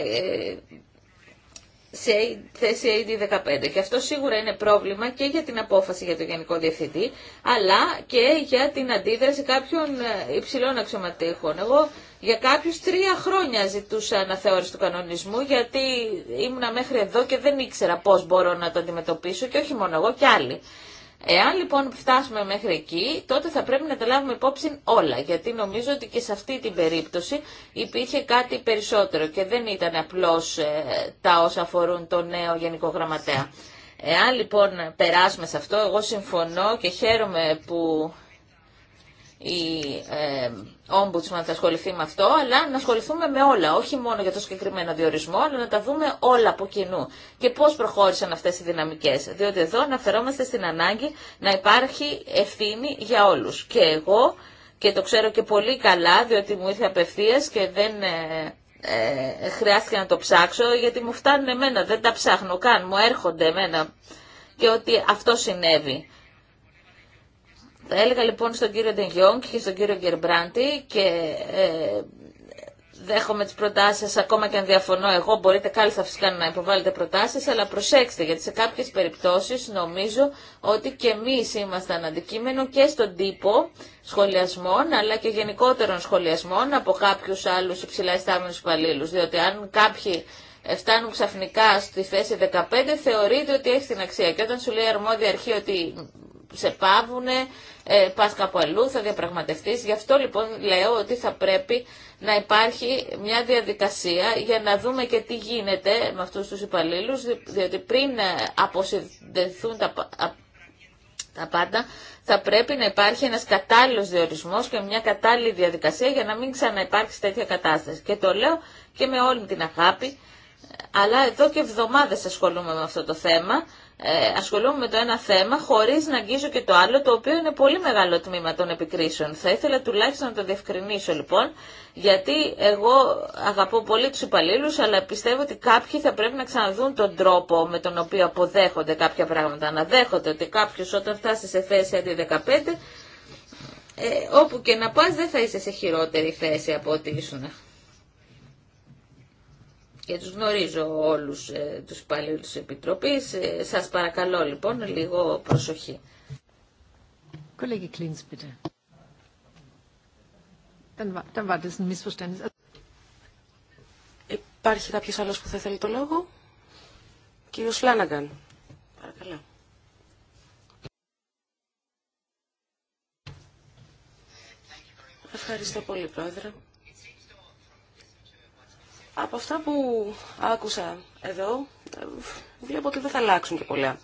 σε θέση AD15. Και αυτό σίγουρα είναι πρόβλημα και για την απόφαση για τον Γενικό Διευθυντή, αλλά και για την αντίδραση κάποιων ε, υψηλών αξιωματήχων. Εγώ για κάποιους τρία χρόνια ζητούσα αναθεώρηση του κανονισμού, γιατί ήμουνα μέχρι εδώ και δεν ήξερα πώ μπορώ να το αντιμετωπίσω και όχι μόνο εγώ και άλλοι. Εάν λοιπόν φτάσουμε μέχρι εκεί, τότε θα πρέπει να τα λάβουμε υπόψη όλα, γιατί νομίζω ότι και σε αυτή την περίπτωση υπήρχε κάτι περισσότερο και δεν ήταν απλώς ε, τα όσα αφορούν το νέο Γενικό Γραμματέα. Εάν λοιπόν περάσουμε σε αυτό, εγώ συμφωνώ και χαίρομαι που η ε, ομπουτσμαν θα ασχοληθεί με αυτό, αλλά να ασχοληθούμε με όλα, όχι μόνο για το συγκεκριμένο διορισμό, αλλά να τα δούμε όλα από κοινού. Και πώς προχώρησαν αυτές οι δυναμικές. Διότι εδώ αναφερόμαστε στην ανάγκη να υπάρχει ευθύνη για όλους. Και εγώ, και το ξέρω και πολύ καλά, διότι μου ήρθε απευθεία και δεν ε, ε, χρειάστηκε να το ψάξω, γιατί μου φτάνουν εμένα, δεν τα ψάχνω καν, μου έρχονται εμένα. Και ότι αυτό συνέβη. Έλεγα λοιπόν στον κύριο Ντεγιόγκ και στον κύριο Γκερμπράντη και ε, δέχομαι τις προτάσεις ακόμα και αν διαφωνώ εγώ μπορείτε κάλλιστα φυσικά να υποβάλλετε προτάσεις αλλά προσέξτε γιατί σε κάποιες περιπτώσεις νομίζω ότι και εμείς ήμασταν αντικείμενο και στον τύπο σχολιασμών αλλά και γενικότερων σχολιασμών από κάποιους άλλους υψηλά ειστάμενους υπαλλήλους διότι αν κάποιοι φτάνουν ξαφνικά στη θέση 15 θεωρείται ότι έχει την αξία και όταν σου λέει αρμόδια αρχή ότι σε πάβουνε, ε, πας κάπου αλλού, θα διαπραγματευτείς. Γι' αυτό λοιπόν λέω ότι θα πρέπει να υπάρχει μια διαδικασία για να δούμε και τι γίνεται με αυτούς τους υπαλλήλους, διότι πριν ε, αποσυνδεθούν τα, τα πάντα, θα πρέπει να υπάρχει ένας κατάλληλος διορισμός και μια κατάλληλη διαδικασία για να μην ξαναυπάρξει τέτοια κατάσταση. Και το λέω και με όλη την αγάπη, ε, αλλά εδώ και εβδομάδες ασχολούμαι με αυτό το θέμα ε, ασχολούμαι με το ένα θέμα χωρίς να αγγίζω και το άλλο, το οποίο είναι πολύ μεγάλο τμήμα των επικρίσεων. Θα ήθελα τουλάχιστον να το διευκρινίσω λοιπόν, γιατί εγώ αγαπώ πολύ τους υπαλλήλους, αλλά πιστεύω ότι κάποιοι θα πρέπει να ξαναδούν τον τρόπο με τον οποίο αποδέχονται κάποια πράγματα. Να δέχονται ότι κάποιο όταν φτάσει σε θέση αντί 15, ε, όπου και να πας δεν θα είσαι σε χειρότερη θέση από ό,τι ήσουν και τους γνωρίζω όλους ε, τους υπαλλήλους της Επιτροπής. Ε, σας παρακαλώ λοιπόν λίγο προσοχή. Υπάρχει κάποιος άλλος που θα θέλει το λόγο. Κύριος Φλάναγκαν. Παρακαλώ. Ευχαριστώ πολύ, Πρόεδρε. Από αυτά που άκουσα εδώ, ε, βλέπω ότι δεν θα αλλάξουν και πολλά.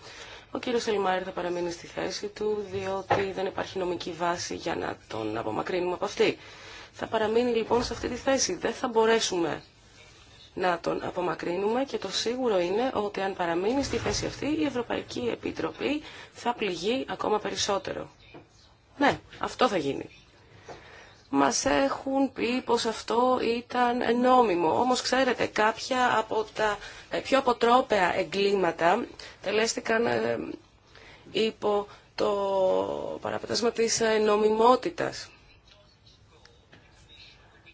Ο κύριο Σελμάρη θα παραμείνει στη θέση του, διότι δεν υπάρχει νομική βάση για να τον απομακρύνουμε από αυτή. Θα παραμείνει λοιπόν σε αυτή τη θέση. Δεν θα μπορέσουμε να τον απομακρύνουμε και το σίγουρο είναι ότι αν παραμείνει στη θέση αυτή η Ευρωπαϊκή Επιτροπή θα πληγεί ακόμα περισσότερο. Ναι, αυτό θα γίνει μας έχουν πει πως αυτό ήταν νόμιμο. Όμως ξέρετε κάποια από τα ε, πιο αποτρόπαια εγκλήματα τελέστηκαν ε, υπό το παραπετάσμα της ε, νομιμότητας.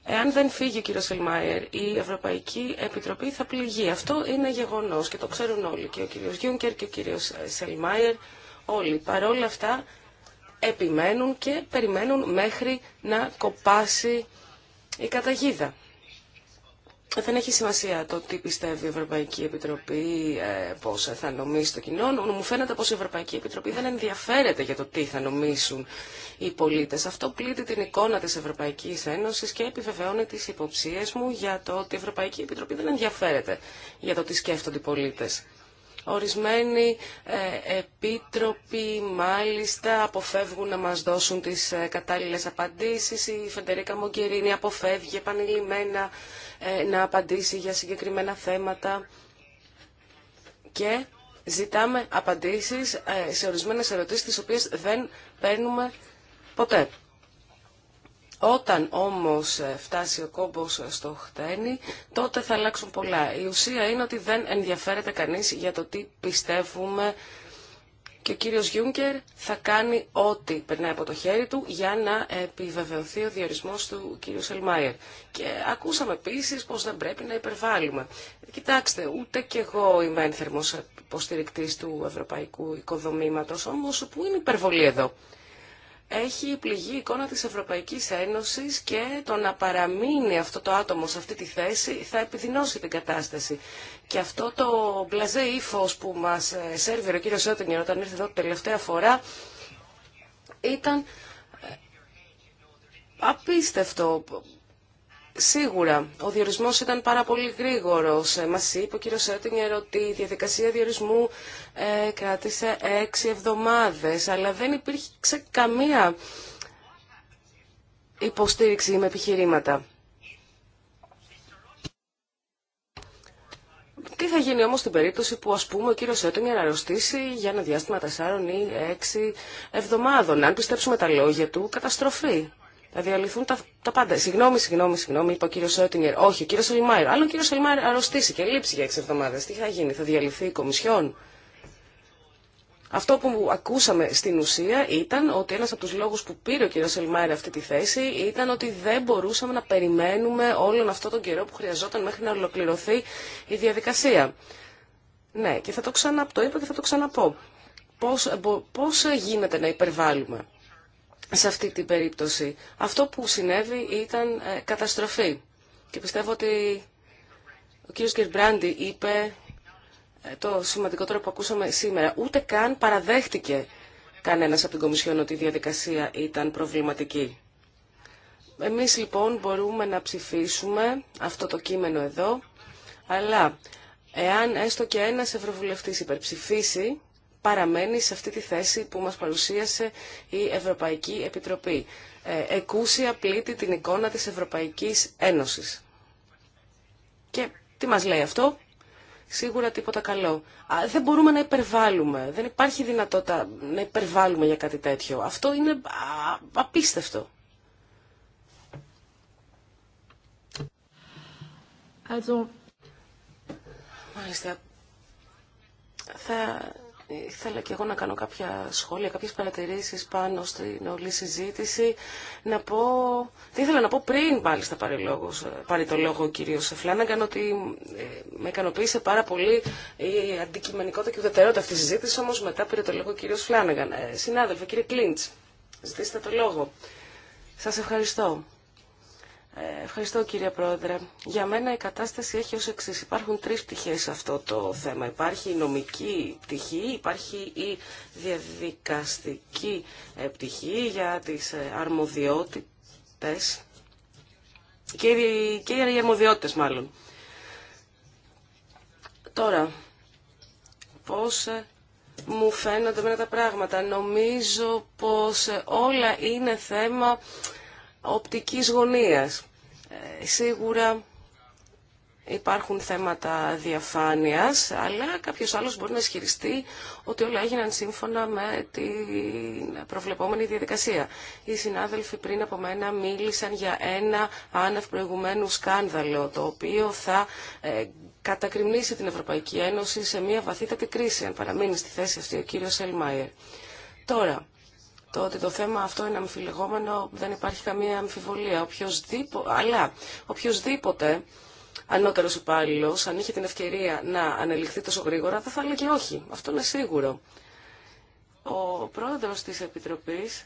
Εάν δεν φύγει ο κύριος Σελμάιερ, η Ευρωπαϊκή Επιτροπή θα πληγεί. Αυτό είναι γεγονός και το ξέρουν όλοι, και ο κύριος Γιούνκερ και ο κύριος Σελμάιερ, όλοι. όλα αυτά, επιμένουν και περιμένουν μέχρι να κοπάσει η καταγίδα. Δεν έχει σημασία το τι πιστεύει η Ευρωπαϊκή Επιτροπή, ε, πώ θα νομίσει το κοινό. Μου φαίνεται πω η Ευρωπαϊκή Επιτροπή δεν ενδιαφέρεται για το τι θα νομίσουν οι πολίτε. Αυτό πλήττει την εικόνα τη Ευρωπαϊκή Ένωση και επιβεβαιώνει τι υποψίε μου για το ότι η Ευρωπαϊκή Επιτροπή δεν ενδιαφέρεται για το τι σκέφτονται οι πολίτε. Ορισμένοι ε, επίτροποι μάλιστα αποφεύγουν να μας δώσουν τις ε, κατάλληλες απαντήσεις. Η Φεντερίκα Μογκερίνη αποφεύγει επανειλημμένα ε, να απαντήσει για συγκεκριμένα θέματα και ζητάμε απαντήσεις σε ορισμένες ερωτήσεις τις οποίες δεν παίρνουμε ποτέ. Όταν όμως ε, φτάσει ο κόμπος ε, στο χτένι, τότε θα αλλάξουν πολλά. Η ουσία είναι ότι δεν ενδιαφέρεται κανείς για το τι πιστεύουμε και ο κύριος Γιούγκερ θα κάνει ό,τι περνάει από το χέρι του για να επιβεβαιωθεί ο διορισμός του κύριου Σελμάιερ. Και ακούσαμε επίση πως δεν πρέπει να υπερβάλλουμε. Κοιτάξτε, ούτε κι εγώ είμαι ένθερμος υποστηρικτής του ευρωπαϊκού οικοδομήματος, όμως που είναι υπερβολή εδώ έχει πληγεί η εικόνα της Ευρωπαϊκής Ένωσης και το να παραμείνει αυτό το άτομο σε αυτή τη θέση θα επιδεινώσει την κατάσταση. Και αυτό το μπλαζέ ύφο που μας ε, σέρβιρε ο κύριος Σότινγκερ όταν ήρθε εδώ τελευταία φορά ήταν ε, απίστευτο. Σίγουρα, ο διορισμός ήταν πάρα πολύ γρήγορος. Ε, Μα είπε ο κύριο Σέτινγκερ ότι η διαδικασία διορισμού ε, κράτησε έξι εβδομάδες, αλλά δεν υπήρξε καμία υποστήριξη με επιχειρήματα. Τι θα γίνει όμως στην περίπτωση που ας πούμε ο κύριος Σέτινγκερ αρρωστήσει για ένα διάστημα τεσσάρων ή έξι εβδομάδων, αν πιστέψουμε τα λόγια του, καταστροφή. Θα διαλυθούν τα, τα πάντα. Συγγνώμη, συγγνώμη, συγγνώμη, είπε ο κύριο Σότινγκερ. Όχι, ο κύριο Σελμαΐρ. Άλλο ο κύριο Σελμαΐρ, αρρωστήσει και λείψει για 6 εβδομάδε, τι θα γίνει, θα διαλυθεί η Κομισιόν. Αυτό που ακούσαμε στην ουσία ήταν ότι ένα από του λόγου που πήρε ο κύριο Σελμάρη αυτή τη θέση ήταν ότι δεν μπορούσαμε να περιμένουμε όλον αυτό τον καιρό που χρειαζόταν μέχρι να ολοκληρωθεί η διαδικασία. Ναι, και θα το ξαναπώ, το θα το ξαναπώ. Πώς, γίνεται να υπερβάλλουμε σε αυτή την περίπτωση. Αυτό που συνέβη ήταν ε, καταστροφή. Και πιστεύω ότι ο κύριος Κερμπράντι είπε ε, το σημαντικότερο που ακούσαμε σήμερα. Ούτε καν παραδέχτηκε κανένας από την Κομισιόν ότι η διαδικασία ήταν προβληματική. Εμείς λοιπόν μπορούμε να ψηφίσουμε αυτό το κείμενο εδώ, αλλά εάν έστω και ένας ευρωβουλευτής υπερψηφίσει, παραμένει σε αυτή τη θέση που μας παρουσίασε η Ευρωπαϊκή Επιτροπή. Ε, εκούσια πλήττει την εικόνα της Ευρωπαϊκής Ένωσης. Και τι μας λέει αυτό? Σίγουρα τίποτα καλό. Δεν μπορούμε να υπερβάλλουμε. Δεν υπάρχει δυνατότητα να υπερβάλλουμε για κάτι τέτοιο. Αυτό είναι απίστευτο. Also... Μάλιστα. Θα Ήθελα και εγώ να κάνω κάποια σχόλια, κάποιες παρατηρήσεις πάνω στην όλη συζήτηση. Να πω, τι ήθελα να πω πριν πάλι στα πάρει το λόγο ο κύριος Φλάνναγκαν, ότι ε, με ικανοποίησε πάρα πολύ η αντικειμενικότητα και ουδετερότητα αυτή τη συζήτηση, όμως μετά πήρε το λόγο ο κύριος Φλάνναγκαν. Ε, συνάδελφε, κύριε Κλίντς, ζητήστε το λόγο. Σας ευχαριστώ. Ε, ευχαριστώ κύριε Πρόεδρε. Για μένα η κατάσταση έχει ως εξής. Υπάρχουν τρεις πτυχές σε αυτό το θέμα. Υπάρχει η νομική πτυχή, υπάρχει η διαδικαστική ε, πτυχή για τις ε, αρμοδιότητες και για και οι αρμοδιότητες μάλλον. Τώρα, πώς μου φαίνονται μένα τα πράγματα. Νομίζω πως όλα είναι θέμα οπτικής γωνίας. Ε, σίγουρα υπάρχουν θέματα διαφάνειας, αλλά κάποιος άλλος μπορεί να ισχυριστεί ότι όλα έγιναν σύμφωνα με την προβλεπόμενη διαδικασία. Οι συνάδελφοι πριν από μένα μίλησαν για ένα άνευ προηγουμένου σκάνδαλο, το οποίο θα ε, κατακριμνήσει την Ευρωπαϊκή Ένωση σε μια βαθύτατη κρίση, αν παραμείνει στη θέση αυτή ο κύριος Ελμάιερ. Τώρα, το ότι το θέμα αυτό είναι αμφιλεγόμενο δεν υπάρχει καμία αμφιβολία. Αλλά οποιοδήποτε ανώτερος υπάλληλο, αν είχε την ευκαιρία να ανελιχθεί τόσο γρήγορα, θα θα έλεγε όχι. Αυτό είναι σίγουρο. Ο πρόεδρος της Επιτροπής,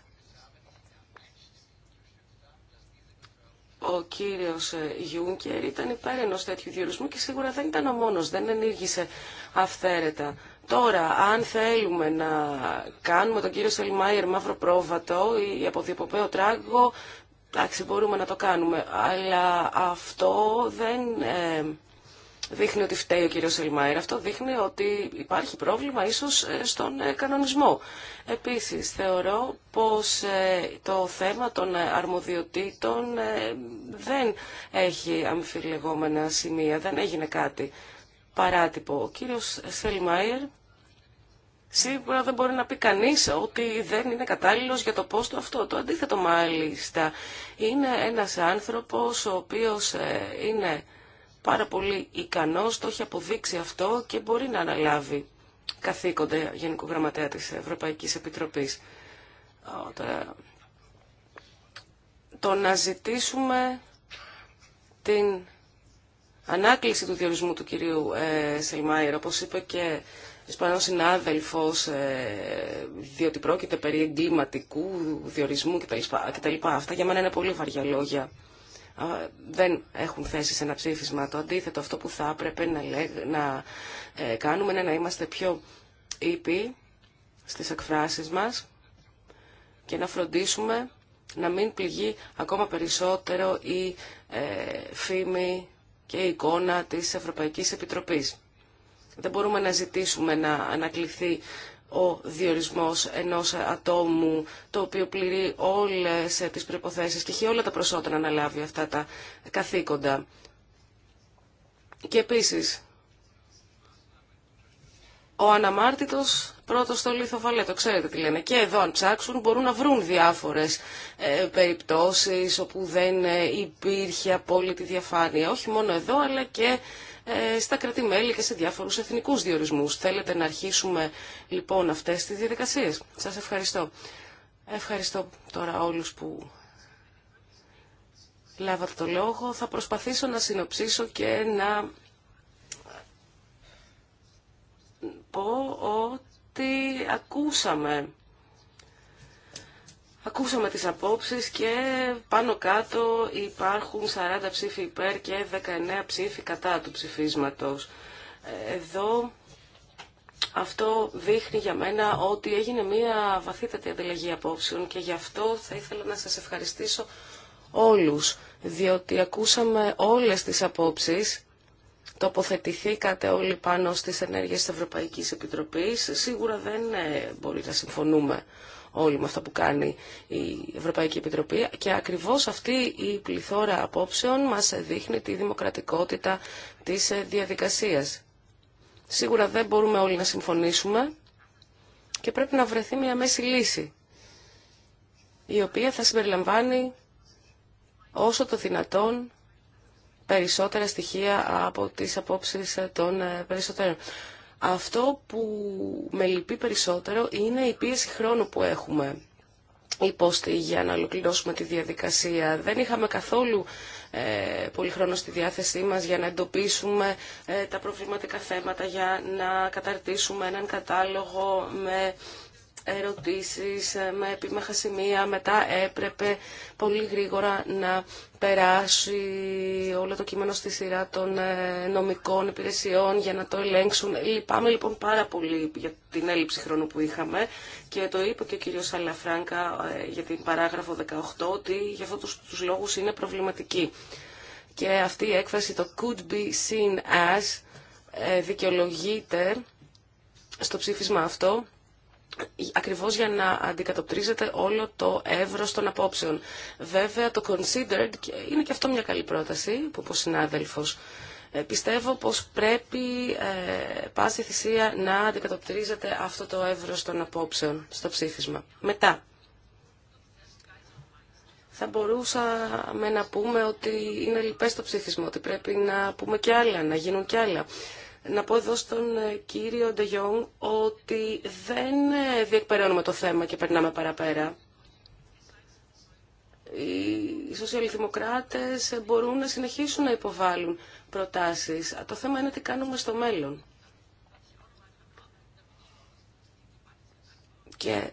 ο κύριος Γιούγκερ, ήταν υπέρ ενός τέτοιου διορισμού και σίγουρα δεν ήταν ο μόνος, δεν ενήργησε αυθαίρετα. Τώρα, αν θέλουμε να κάνουμε τον κύριο Σελμάιερ μαύρο πρόβατο ή αποδιοποπέο τράγο, εντάξει, μπορούμε να το κάνουμε. Αλλά αυτό δεν ε, δείχνει ότι φταίει ο κύριος Σελμαίερ. Αυτό δείχνει ότι υπάρχει πρόβλημα ίσως ε, στον ε, κανονισμό. Επίσης, θεωρώ πως το θέμα των αρμοδιοτήτων δεν έχει αμφιλεγόμενα σημεία, δεν έγινε κάτι παράτυπο. Ο κύριος Σελμάιερ σίγουρα δεν μπορεί να πει κανείς ότι δεν είναι κατάλληλος για το πόστο αυτό. Το αντίθετο μάλιστα είναι ένας άνθρωπος ο οποίος ε, είναι πάρα πολύ ικανός, το έχει αποδείξει αυτό και μπορεί να αναλάβει καθήκοντα Γενικού Γραμματέα της Ευρωπαϊκής Επιτροπής. Το να ζητήσουμε την ανάκληση του διορισμού του κυρίου ε, όπως είπε και Ισπανός συνάδελφος, ε, διότι πρόκειται περί εγκληματικού διορισμού κτλ. Αυτά για μένα είναι πολύ βαριά λόγια. Δεν έχουν θέση σε ένα ψήφισμα. Το αντίθετο, αυτό που θα έπρεπε να, να ε, κάνουμε είναι να είμαστε πιο ήπιοι στις εκφράσεις μας και να φροντίσουμε να μην πληγεί ακόμα περισσότερο η ε, φήμη και εικόνα της Ευρωπαϊκής Επιτροπής. Δεν μπορούμε να ζητήσουμε να ανακληθεί ο διορισμός ενός ατόμου το οποίο πληρεί όλες τις προϋποθέσεις και έχει όλα τα προσώτα να αναλάβει αυτά τα καθήκοντα. Και επίσης, ο αναμάρτητος πρώτο στο λιθοφαλέτο, Ξέρετε τι λένε. Και εδώ αν ψάξουν μπορούν να βρουν διάφορες ε, περιπτώσεις όπου δεν ε, υπήρχε απόλυτη διαφάνεια. Όχι μόνο εδώ αλλά και ε, στα κρατημέλη και σε διάφορους εθνικούς διορισμούς. Θέλετε να αρχίσουμε λοιπόν αυτές τις διαδικασίες. Σας ευχαριστώ. Ευχαριστώ τώρα όλους που λάβατε το λόγο. Θα προσπαθήσω να συνοψίσω και να πω ότι ότι ακούσαμε Ακούσαμε τις απόψεις και πάνω κάτω υπάρχουν 40 ψήφοι υπέρ και 19 ψήφοι κατά του ψηφίσματος. Εδώ αυτό δείχνει για μένα ότι έγινε μια βαθύτατη ανταλλαγή απόψεων και γι' αυτό θα ήθελα να σας ευχαριστήσω όλους, διότι ακούσαμε όλες τις απόψεις τοποθετηθήκατε όλοι πάνω στις ενέργειες της Ευρωπαϊκής Επιτροπής. Σίγουρα δεν ε, μπορεί να συμφωνούμε όλοι με αυτά που κάνει η Ευρωπαϊκή Επιτροπή και ακριβώς αυτή η πληθώρα απόψεων μας δείχνει τη δημοκρατικότητα της ε, διαδικασίας. Σίγουρα δεν μπορούμε όλοι να συμφωνήσουμε και πρέπει να βρεθεί μια μέση λύση η οποία θα συμπεριλαμβάνει όσο το δυνατόν περισσότερα στοιχεία από τις απόψεις των ε, περισσότερων. Αυτό που με λυπεί περισσότερο είναι η πίεση χρόνου που έχουμε υπόστη για να ολοκληρώσουμε τη διαδικασία. Δεν είχαμε καθόλου ε, πολύ χρόνο στη διάθεσή μας για να εντοπίσουμε ε, τα προβληματικά θέματα, για να καταρτήσουμε έναν κατάλογο με ερωτήσεις ε, με επίμαχα σημεία. Μετά έπρεπε πολύ γρήγορα να περάσει όλο το κείμενο στη σειρά των ε, νομικών υπηρεσιών για να το ελέγξουν. Λυπάμαι λοιπόν πάρα πολύ για την έλλειψη χρόνου που είχαμε και το είπε και ο κύριος Αλαφράγκα ε, για την παράγραφο 18 ότι για αυτούς τους λόγους είναι προβληματική. Και αυτή η έκφραση το could be seen as δικαιολογείται στο ψήφισμα αυτό ακριβώς για να αντικατοπτρίζεται όλο το εύρος των απόψεων. Βέβαια το considered είναι και αυτό μια καλή πρόταση που είπε ο συνάδελφος. Ε, πιστεύω πως πρέπει ε, πάση θυσία να αντικατοπτρίζεται αυτό το εύρος των απόψεων στο ψήφισμα. Μετά, θα μπορούσαμε να πούμε ότι είναι λοιπές το ψήφισμα, ότι πρέπει να πούμε και άλλα, να γίνουν και άλλα να πω εδώ στον ε, κύριο Ντεγιόν ότι δεν ε, διεκπεραιώνουμε το θέμα και περνάμε παραπέρα. Οι σοσιαλδημοκράτες ε, μπορούν να συνεχίσουν να υποβάλουν προτάσεις. Το θέμα είναι τι κάνουμε στο μέλλον. Και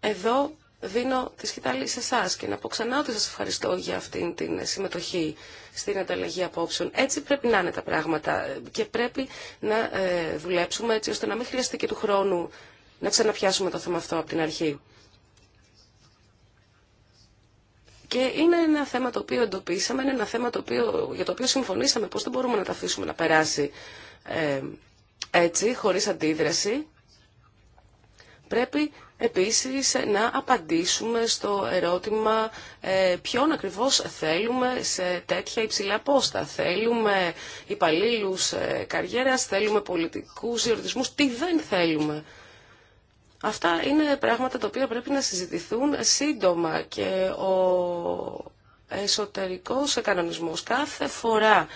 εδώ δίνω τη σκητάλη σε εσά και να πω ξανά ότι σα ευχαριστώ για αυτήν την συμμετοχή στην ανταλλαγή απόψεων. Έτσι πρέπει να είναι τα πράγματα και πρέπει να ε, δουλέψουμε έτσι ώστε να μην χρειαστεί και του χρόνου να ξαναπιάσουμε το θέμα αυτό από την αρχή. Και είναι ένα θέμα το οποίο εντοπίσαμε, είναι ένα θέμα το για το οποίο συμφωνήσαμε πώς δεν μπορούμε να τα αφήσουμε να περάσει ε, έτσι, χωρίς αντίδραση. Πρέπει επίσης να απαντήσουμε στο ερώτημα ε, ποιον ακριβώς θέλουμε σε τέτοια υψηλά πόστα. Θέλουμε υπαλλήλου ε, καριέρας, θέλουμε πολιτικούς διορτισμούς, τι δεν θέλουμε. Αυτά είναι πράγματα τα οποία πρέπει να συζητηθούν σύντομα και ο εσωτερικός κανονισμός κάθε φορά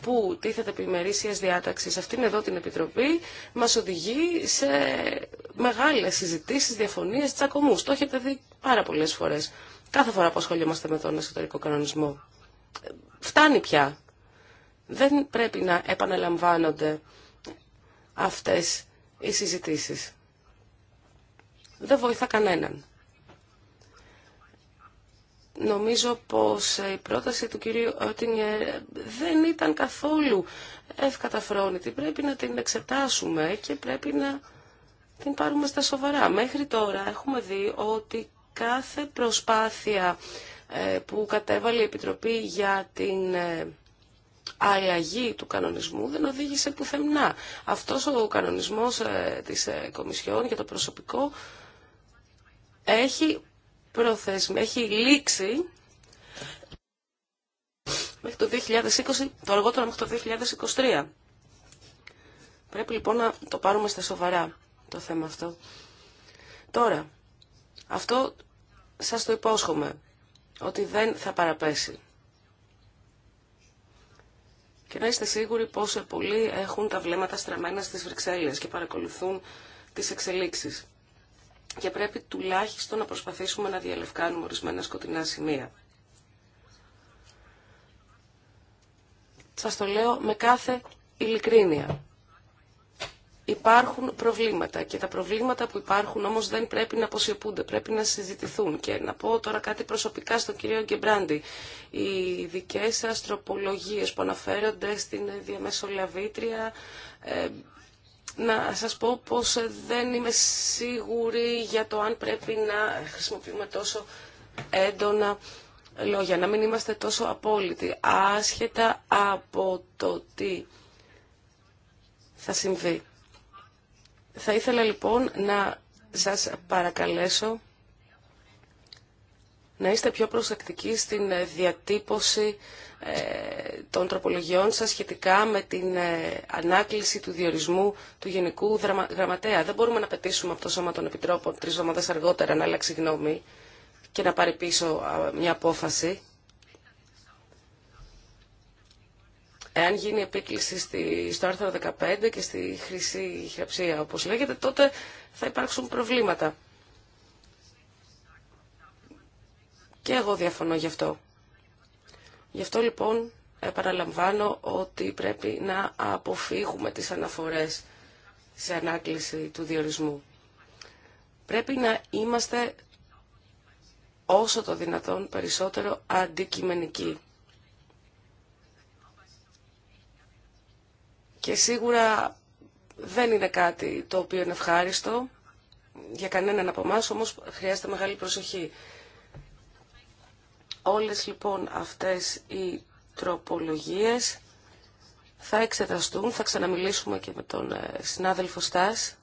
που τίθεται επί διάταξη διάταξης αυτήν εδώ την Επιτροπή μας οδηγεί σε μεγάλες συζητήσεις, διαφωνίες, τσακωμού. Το έχετε δει πάρα πολλές φορές. Κάθε φορά που ασχολούμαστε με τον εσωτερικό κανονισμό. Φτάνει πια. Δεν πρέπει να επαναλαμβάνονται αυτές οι συζητήσεις. Δεν βοηθά κανέναν. Νομίζω πως η πρόταση του κυρίου Ότινιερ δεν ήταν καθόλου ευκαταφρόνητη. Πρέπει να την εξετάσουμε και πρέπει να την πάρουμε στα σοβαρά. Μέχρι τώρα έχουμε δει ότι κάθε προσπάθεια ε, που κατέβαλε η Επιτροπή για την ε, αλλαγή του κανονισμού δεν οδήγησε πουθενά. Αυτός ο κανονισμός ε, της Κομισιόν για το προσωπικό έχει έχει λήξει μέχρι το 2020, το αργότερο μέχρι το 2023. Πρέπει λοιπόν να το πάρουμε στα σοβαρά το θέμα αυτό. Τώρα, αυτό σας το υπόσχομαι, ότι δεν θα παραπέσει. Και να είστε σίγουροι πόσο πολλοί έχουν τα βλέμματα στραμμένα στις Βρυξέλλες και παρακολουθούν τις εξελίξεις και πρέπει τουλάχιστον να προσπαθήσουμε να διαλευκάνουμε ορισμένα σκοτεινά σημεία. Σας το λέω με κάθε ειλικρίνεια. Υπάρχουν προβλήματα και τα προβλήματα που υπάρχουν όμως δεν πρέπει να αποσιωπούνται, πρέπει να συζητηθούν. Και να πω τώρα κάτι προσωπικά στον κύριο Γκεμπράντη. Οι δικές σας τροπολογίες που αναφέρονται στην διαμεσολαβήτρια ε, να σας πω πως δεν είμαι σίγουρη για το αν πρέπει να χρησιμοποιούμε τόσο έντονα λόγια, να μην είμαστε τόσο απόλυτοι, άσχετα από το τι θα συμβεί. Θα ήθελα λοιπόν να σας παρακαλέσω να είστε πιο προσεκτικοί στην ε, διατύπωση ε, των τροπολογιών σας σχετικά με την ε, ανάκληση του διορισμού του Γενικού Γραμματέα. Δεν μπορούμε να πετήσουμε από το Σώμα των Επιτρόπων τρεις εβδομάδες αργότερα να αλλάξει γνώμη και να πάρει πίσω μια απόφαση. Εάν γίνει επίκληση στο άρθρο 15 και στη χρυσή χειραψία, όπως λέγεται, τότε θα υπάρξουν προβλήματα. Και εγώ διαφωνώ γι' αυτό. Γι' αυτό λοιπόν επαναλαμβάνω ότι πρέπει να αποφύγουμε τις αναφορές σε ανάκληση του διορισμού. Πρέπει να είμαστε όσο το δυνατόν περισσότερο αντικειμενικοί. Και σίγουρα δεν είναι κάτι το οποίο είναι ευχάριστο για κανέναν από εμά, όμως χρειάζεται μεγάλη προσοχή. Όλες λοιπόν αυτές οι τροπολογίες θα εξεταστούν, θα ξαναμιλήσουμε και με τον ε, συνάδελφο Στάς.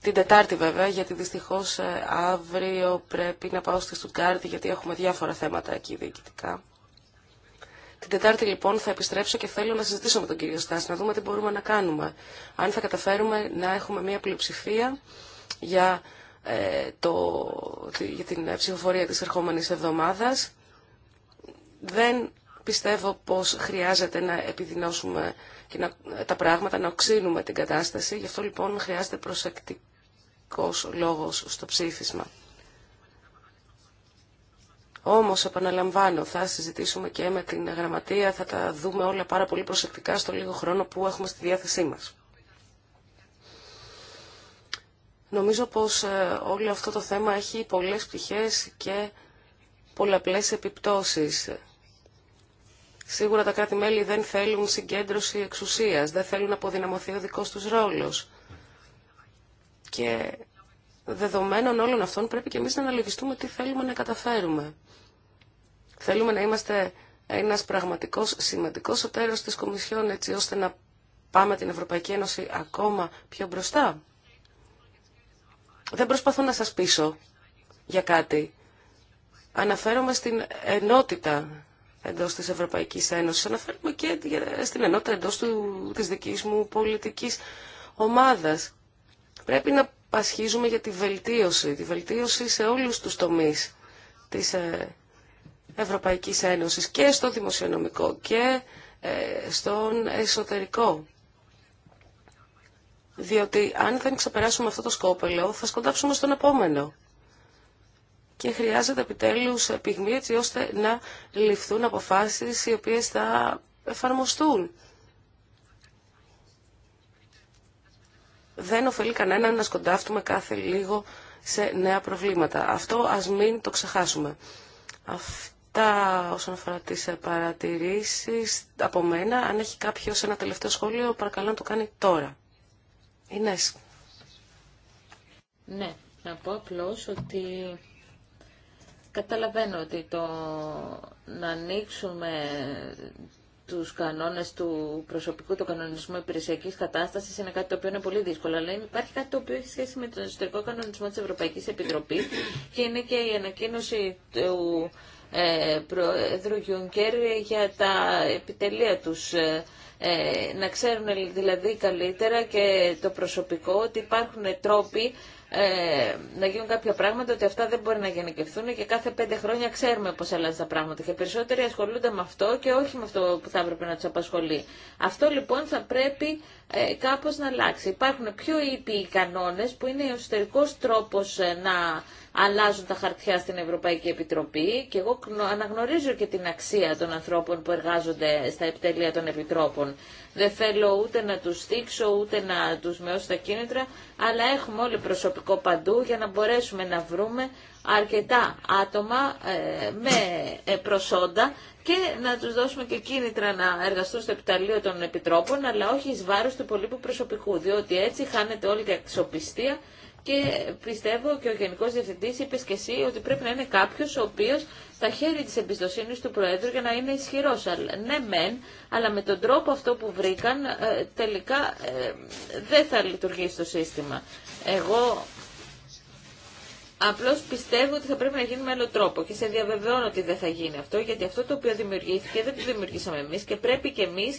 Την Τετάρτη βέβαια, γιατί δυστυχώς ε, αύριο πρέπει να πάω στη Στουγκάρτη, γιατί έχουμε διάφορα θέματα εκεί διοικητικά. Την Τετάρτη λοιπόν θα επιστρέψω και θέλω να συζητήσω με τον κύριο Στάση, να δούμε τι μπορούμε να κάνουμε. Αν θα καταφέρουμε να έχουμε μια πλειοψηφία για ε, το, για την ψηφοφορία της ερχόμενης εβδομάδας. Δεν πιστεύω πως χρειάζεται να επιδεινώσουμε και να, τα πράγματα, να οξύνουμε την κατάσταση. Γι' αυτό λοιπόν χρειάζεται προσεκτικός λόγος στο ψήφισμα. Όμως, επαναλαμβάνω, θα συζητήσουμε και με την γραμματεία, θα τα δούμε όλα πάρα πολύ προσεκτικά στο λίγο χρόνο που έχουμε στη διάθεσή μας. Νομίζω πως ε, όλο αυτό το θέμα έχει πολλές πτυχές και πολλαπλές επιπτώσεις. Σίγουρα τα κράτη-μέλη δεν θέλουν συγκέντρωση εξουσίας, δεν θέλουν να αποδυναμωθεί ο δικός τους ρόλος. Και δεδομένων όλων αυτών πρέπει και εμείς να αναλογιστούμε τι θέλουμε να καταφέρουμε. Θέλουμε να είμαστε ένας πραγματικός σημαντικός εταίρος της Κομισιόν έτσι ώστε να πάμε την Ευρωπαϊκή Ένωση ακόμα πιο μπροστά. Δεν προσπαθώ να σας πείσω για κάτι. Αναφέρομαι στην ενότητα εντός της Ευρωπαϊκής Ένωσης. Αναφέρομαι και στην ενότητα εντός του, της δικής μου πολιτικής ομάδας. Πρέπει να πασχίζουμε για τη βελτίωση, τη βελτίωση σε όλους τους τομείς της ε, Ευρωπαϊκής Ένωσης και στο δημοσιονομικό και ε, στον εσωτερικό διότι αν δεν ξεπεράσουμε αυτό το σκόπελο θα σκοντάψουμε στον επόμενο. Και χρειάζεται επιτέλους πυγμή έτσι ώστε να ληφθούν αποφάσεις οι οποίες θα εφαρμοστούν. Δεν ωφελεί κανένα να σκοντάφτουμε κάθε λίγο σε νέα προβλήματα. Αυτό ας μην το ξεχάσουμε. Αυτά όσον αφορά τις παρατηρήσεις από μένα. Αν έχει κάποιος ένα τελευταίο σχόλιο, παρακαλώ να το κάνει τώρα. Ναι, να πω απλώς ότι καταλαβαίνω ότι το να ανοίξουμε τους κανόνες του προσωπικού, του κανονισμού υπηρεσιακή κατάστασης είναι κάτι το οποίο είναι πολύ δύσκολο. Αλλά υπάρχει κάτι το οποίο έχει σχέση με τον εσωτερικό κανονισμό της Ευρωπαϊκής Επιτροπής και είναι και η ανακοίνωση του ε, Πρόεδρου Γιουνκέρ για τα επιτελεία τους ε, ε, να ξέρουν δηλαδή καλύτερα και το προσωπικό ότι υπάρχουν τρόποι να γίνουν κάποια πράγματα ότι αυτά δεν μπορεί να γενικευθούν και κάθε πέντε χρόνια ξέρουμε πώς αλλάζει τα πράγματα και περισσότεροι ασχολούνται με αυτό και όχι με αυτό που θα έπρεπε να τους απασχολεί. Αυτό λοιπόν θα πρέπει ε, κάπως να αλλάξει. Υπάρχουν πιο ήπιοι κανόνες που είναι ο εσωτερικός τρόπος να αλλάζουν τα χαρτιά στην Ευρωπαϊκή Επιτροπή και εγώ αναγνωρίζω και την αξία των ανθρώπων που εργάζονται στα επιτελεία των Επιτρόπων. Δεν θέλω ούτε να τους στήξω, ούτε να τους μεώσω τα κίνητρα, αλλά έχουμε όλοι προσωπικό παντού για να μπορέσουμε να βρούμε αρκετά άτομα ε, με ε, προσόντα και να τους δώσουμε και κίνητρα να εργαστούν στο επιταλείο των επιτρόπων, αλλά όχι εις βάρος του υπολείπου προσωπικού, διότι έτσι χάνεται όλη η αξιοπιστία και πιστεύω και ο Γενικό Διευθυντή είπε και εσύ ότι πρέπει να είναι κάποιο ο οποίο τα χέρια τη εμπιστοσύνη του Προέδρου για να είναι ισχυρό. Ναι, μεν, αλλά με τον τρόπο αυτό που βρήκαν ε, τελικά ε, δεν θα λειτουργήσει το σύστημα. Εγώ Απλώ πιστεύω ότι θα πρέπει να γίνει με άλλο τρόπο και σε διαβεβαιώνω ότι δεν θα γίνει αυτό, γιατί αυτό το οποίο δημιουργήθηκε δεν το δημιουργήσαμε εμεί και πρέπει και εμεί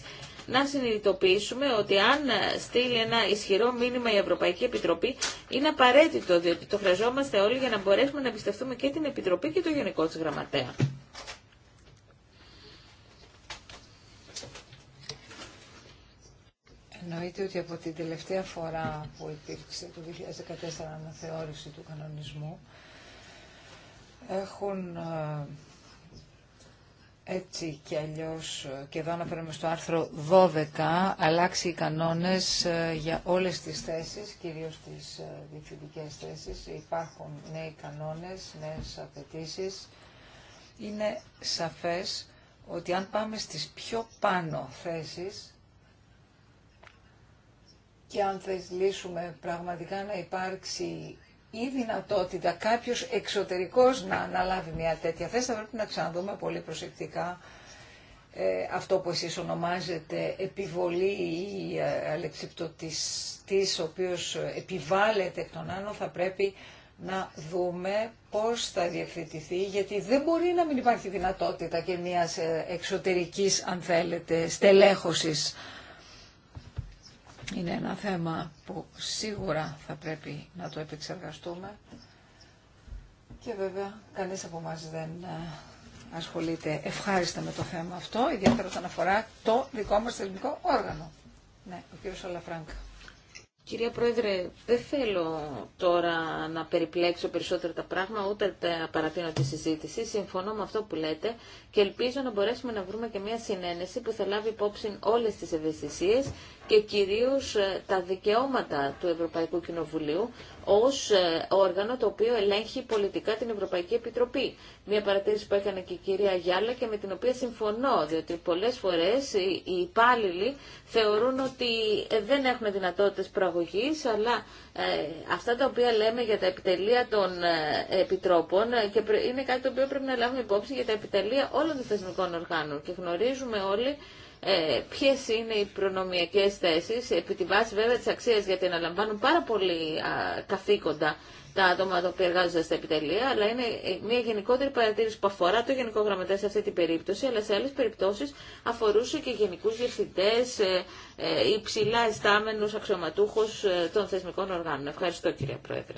να συνειδητοποιήσουμε ότι αν στείλει ένα ισχυρό μήνυμα η Ευρωπαϊκή Επιτροπή είναι απαραίτητο διότι το χρειαζόμαστε όλοι για να μπορέσουμε να εμπιστευτούμε και την Επιτροπή και το Γενικό της Γραμματέα. Εννοείται ότι από την τελευταία φορά που υπήρξε το 2014 αναθεώρηση του κανονισμού έχουν ε, έτσι και αλλιώ και εδώ αναφέρομαι στο άρθρο 12, αλλάξει οι κανόνες ε, για όλες τις θέσεις, κυρίως τις ε, διευθυντικέ θέσεις. Υπάρχουν νέοι κανόνες, νέε απαιτήσει. Είναι σαφές ότι αν πάμε στις πιο πάνω θέσεις και αν θες λύσουμε πραγματικά να υπάρξει η δυνατότητα κάποιος εξωτερικός να αναλάβει μια τέτοια θέση θα πρέπει να ξαναδούμε πολύ προσεκτικά ε, αυτό που εσείς ονομάζετε επιβολή ή ε, αλεξιπτοτιστής ο οποίος επιβάλλεται εκ των άλλων θα πρέπει να δούμε πώς θα διευθετηθεί γιατί δεν μπορεί να μην υπάρχει δυνατότητα και μιας ε, εξωτερικής αν θέλετε στελέχωσης είναι ένα θέμα που σίγουρα θα πρέπει να το επεξεργαστούμε και βέβαια κανείς από μας δεν ε, ασχολείται ευχάριστα με το θέμα αυτό, ιδιαίτερα όταν αφορά το δικό μας θεσμικό όργανο. Ναι, ο κύριος Αλαφράγκα. Κυρία Πρόεδρε, δεν θέλω τώρα να περιπλέξω περισσότερα τα πράγματα, ούτε τα παρατείνω τη συζήτηση. Συμφωνώ με αυτό που λέτε και ελπίζω να μπορέσουμε να βρούμε και μια συνένεση που θα λάβει υπόψη όλες τις ευαισθησίες και κυρίως ε, τα δικαιώματα του Ευρωπαϊκού Κοινοβουλίου ως ε, όργανο το οποίο ελέγχει πολιτικά την Ευρωπαϊκή Επιτροπή. Μία παρατήρηση που έκανε και η κυρία Γιάλα και με την οποία συμφωνώ, διότι πολλές φορές οι υπάλληλοι θεωρούν ότι ε, δεν έχουν δυνατότητες προαγωγής, αλλά αυτά τα οποία λέμε για τα επιτελεία των επιτρόπων και είναι κάτι το οποίο πρέπει να λάβουμε υπόψη για τα επιτελεία όλων των θεσμικών οργάνων. Και γνωρίζουμε όλοι ε, ποιες είναι οι προνομιακέ θέσει, επί τη βάση βέβαια τη αξία, γιατί αναλαμβάνουν πάρα πολύ καθήκοντα τα άτομα τα οποία εργάζονται στα επιτελεία, αλλά είναι ε, μια γενικότερη παρατήρηση που αφορά το Γενικό Γραμματέα σε αυτή την περίπτωση, αλλά σε άλλε περιπτώσει αφορούσε και γενικού διευθυντέ, ε, ε, υψηλά ειστάμενου αξιωματούχου των θεσμικών οργάνων. Ευχαριστώ, κυρία Πρόεδρε.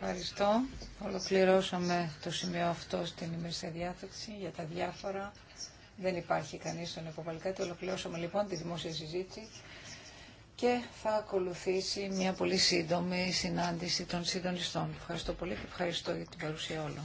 Ευχαριστώ. Ολοκληρώσαμε το σημείο αυτό στην ημερήσια διάθεση για τα διάφορα. Δεν υπάρχει κανεί στον υποβολή Ολοκληρώσαμε λοιπόν τη δημόσια συζήτηση και θα ακολουθήσει μια πολύ σύντομη συνάντηση των συντονιστών. Ευχαριστώ πολύ και ευχαριστώ για την παρουσία όλων.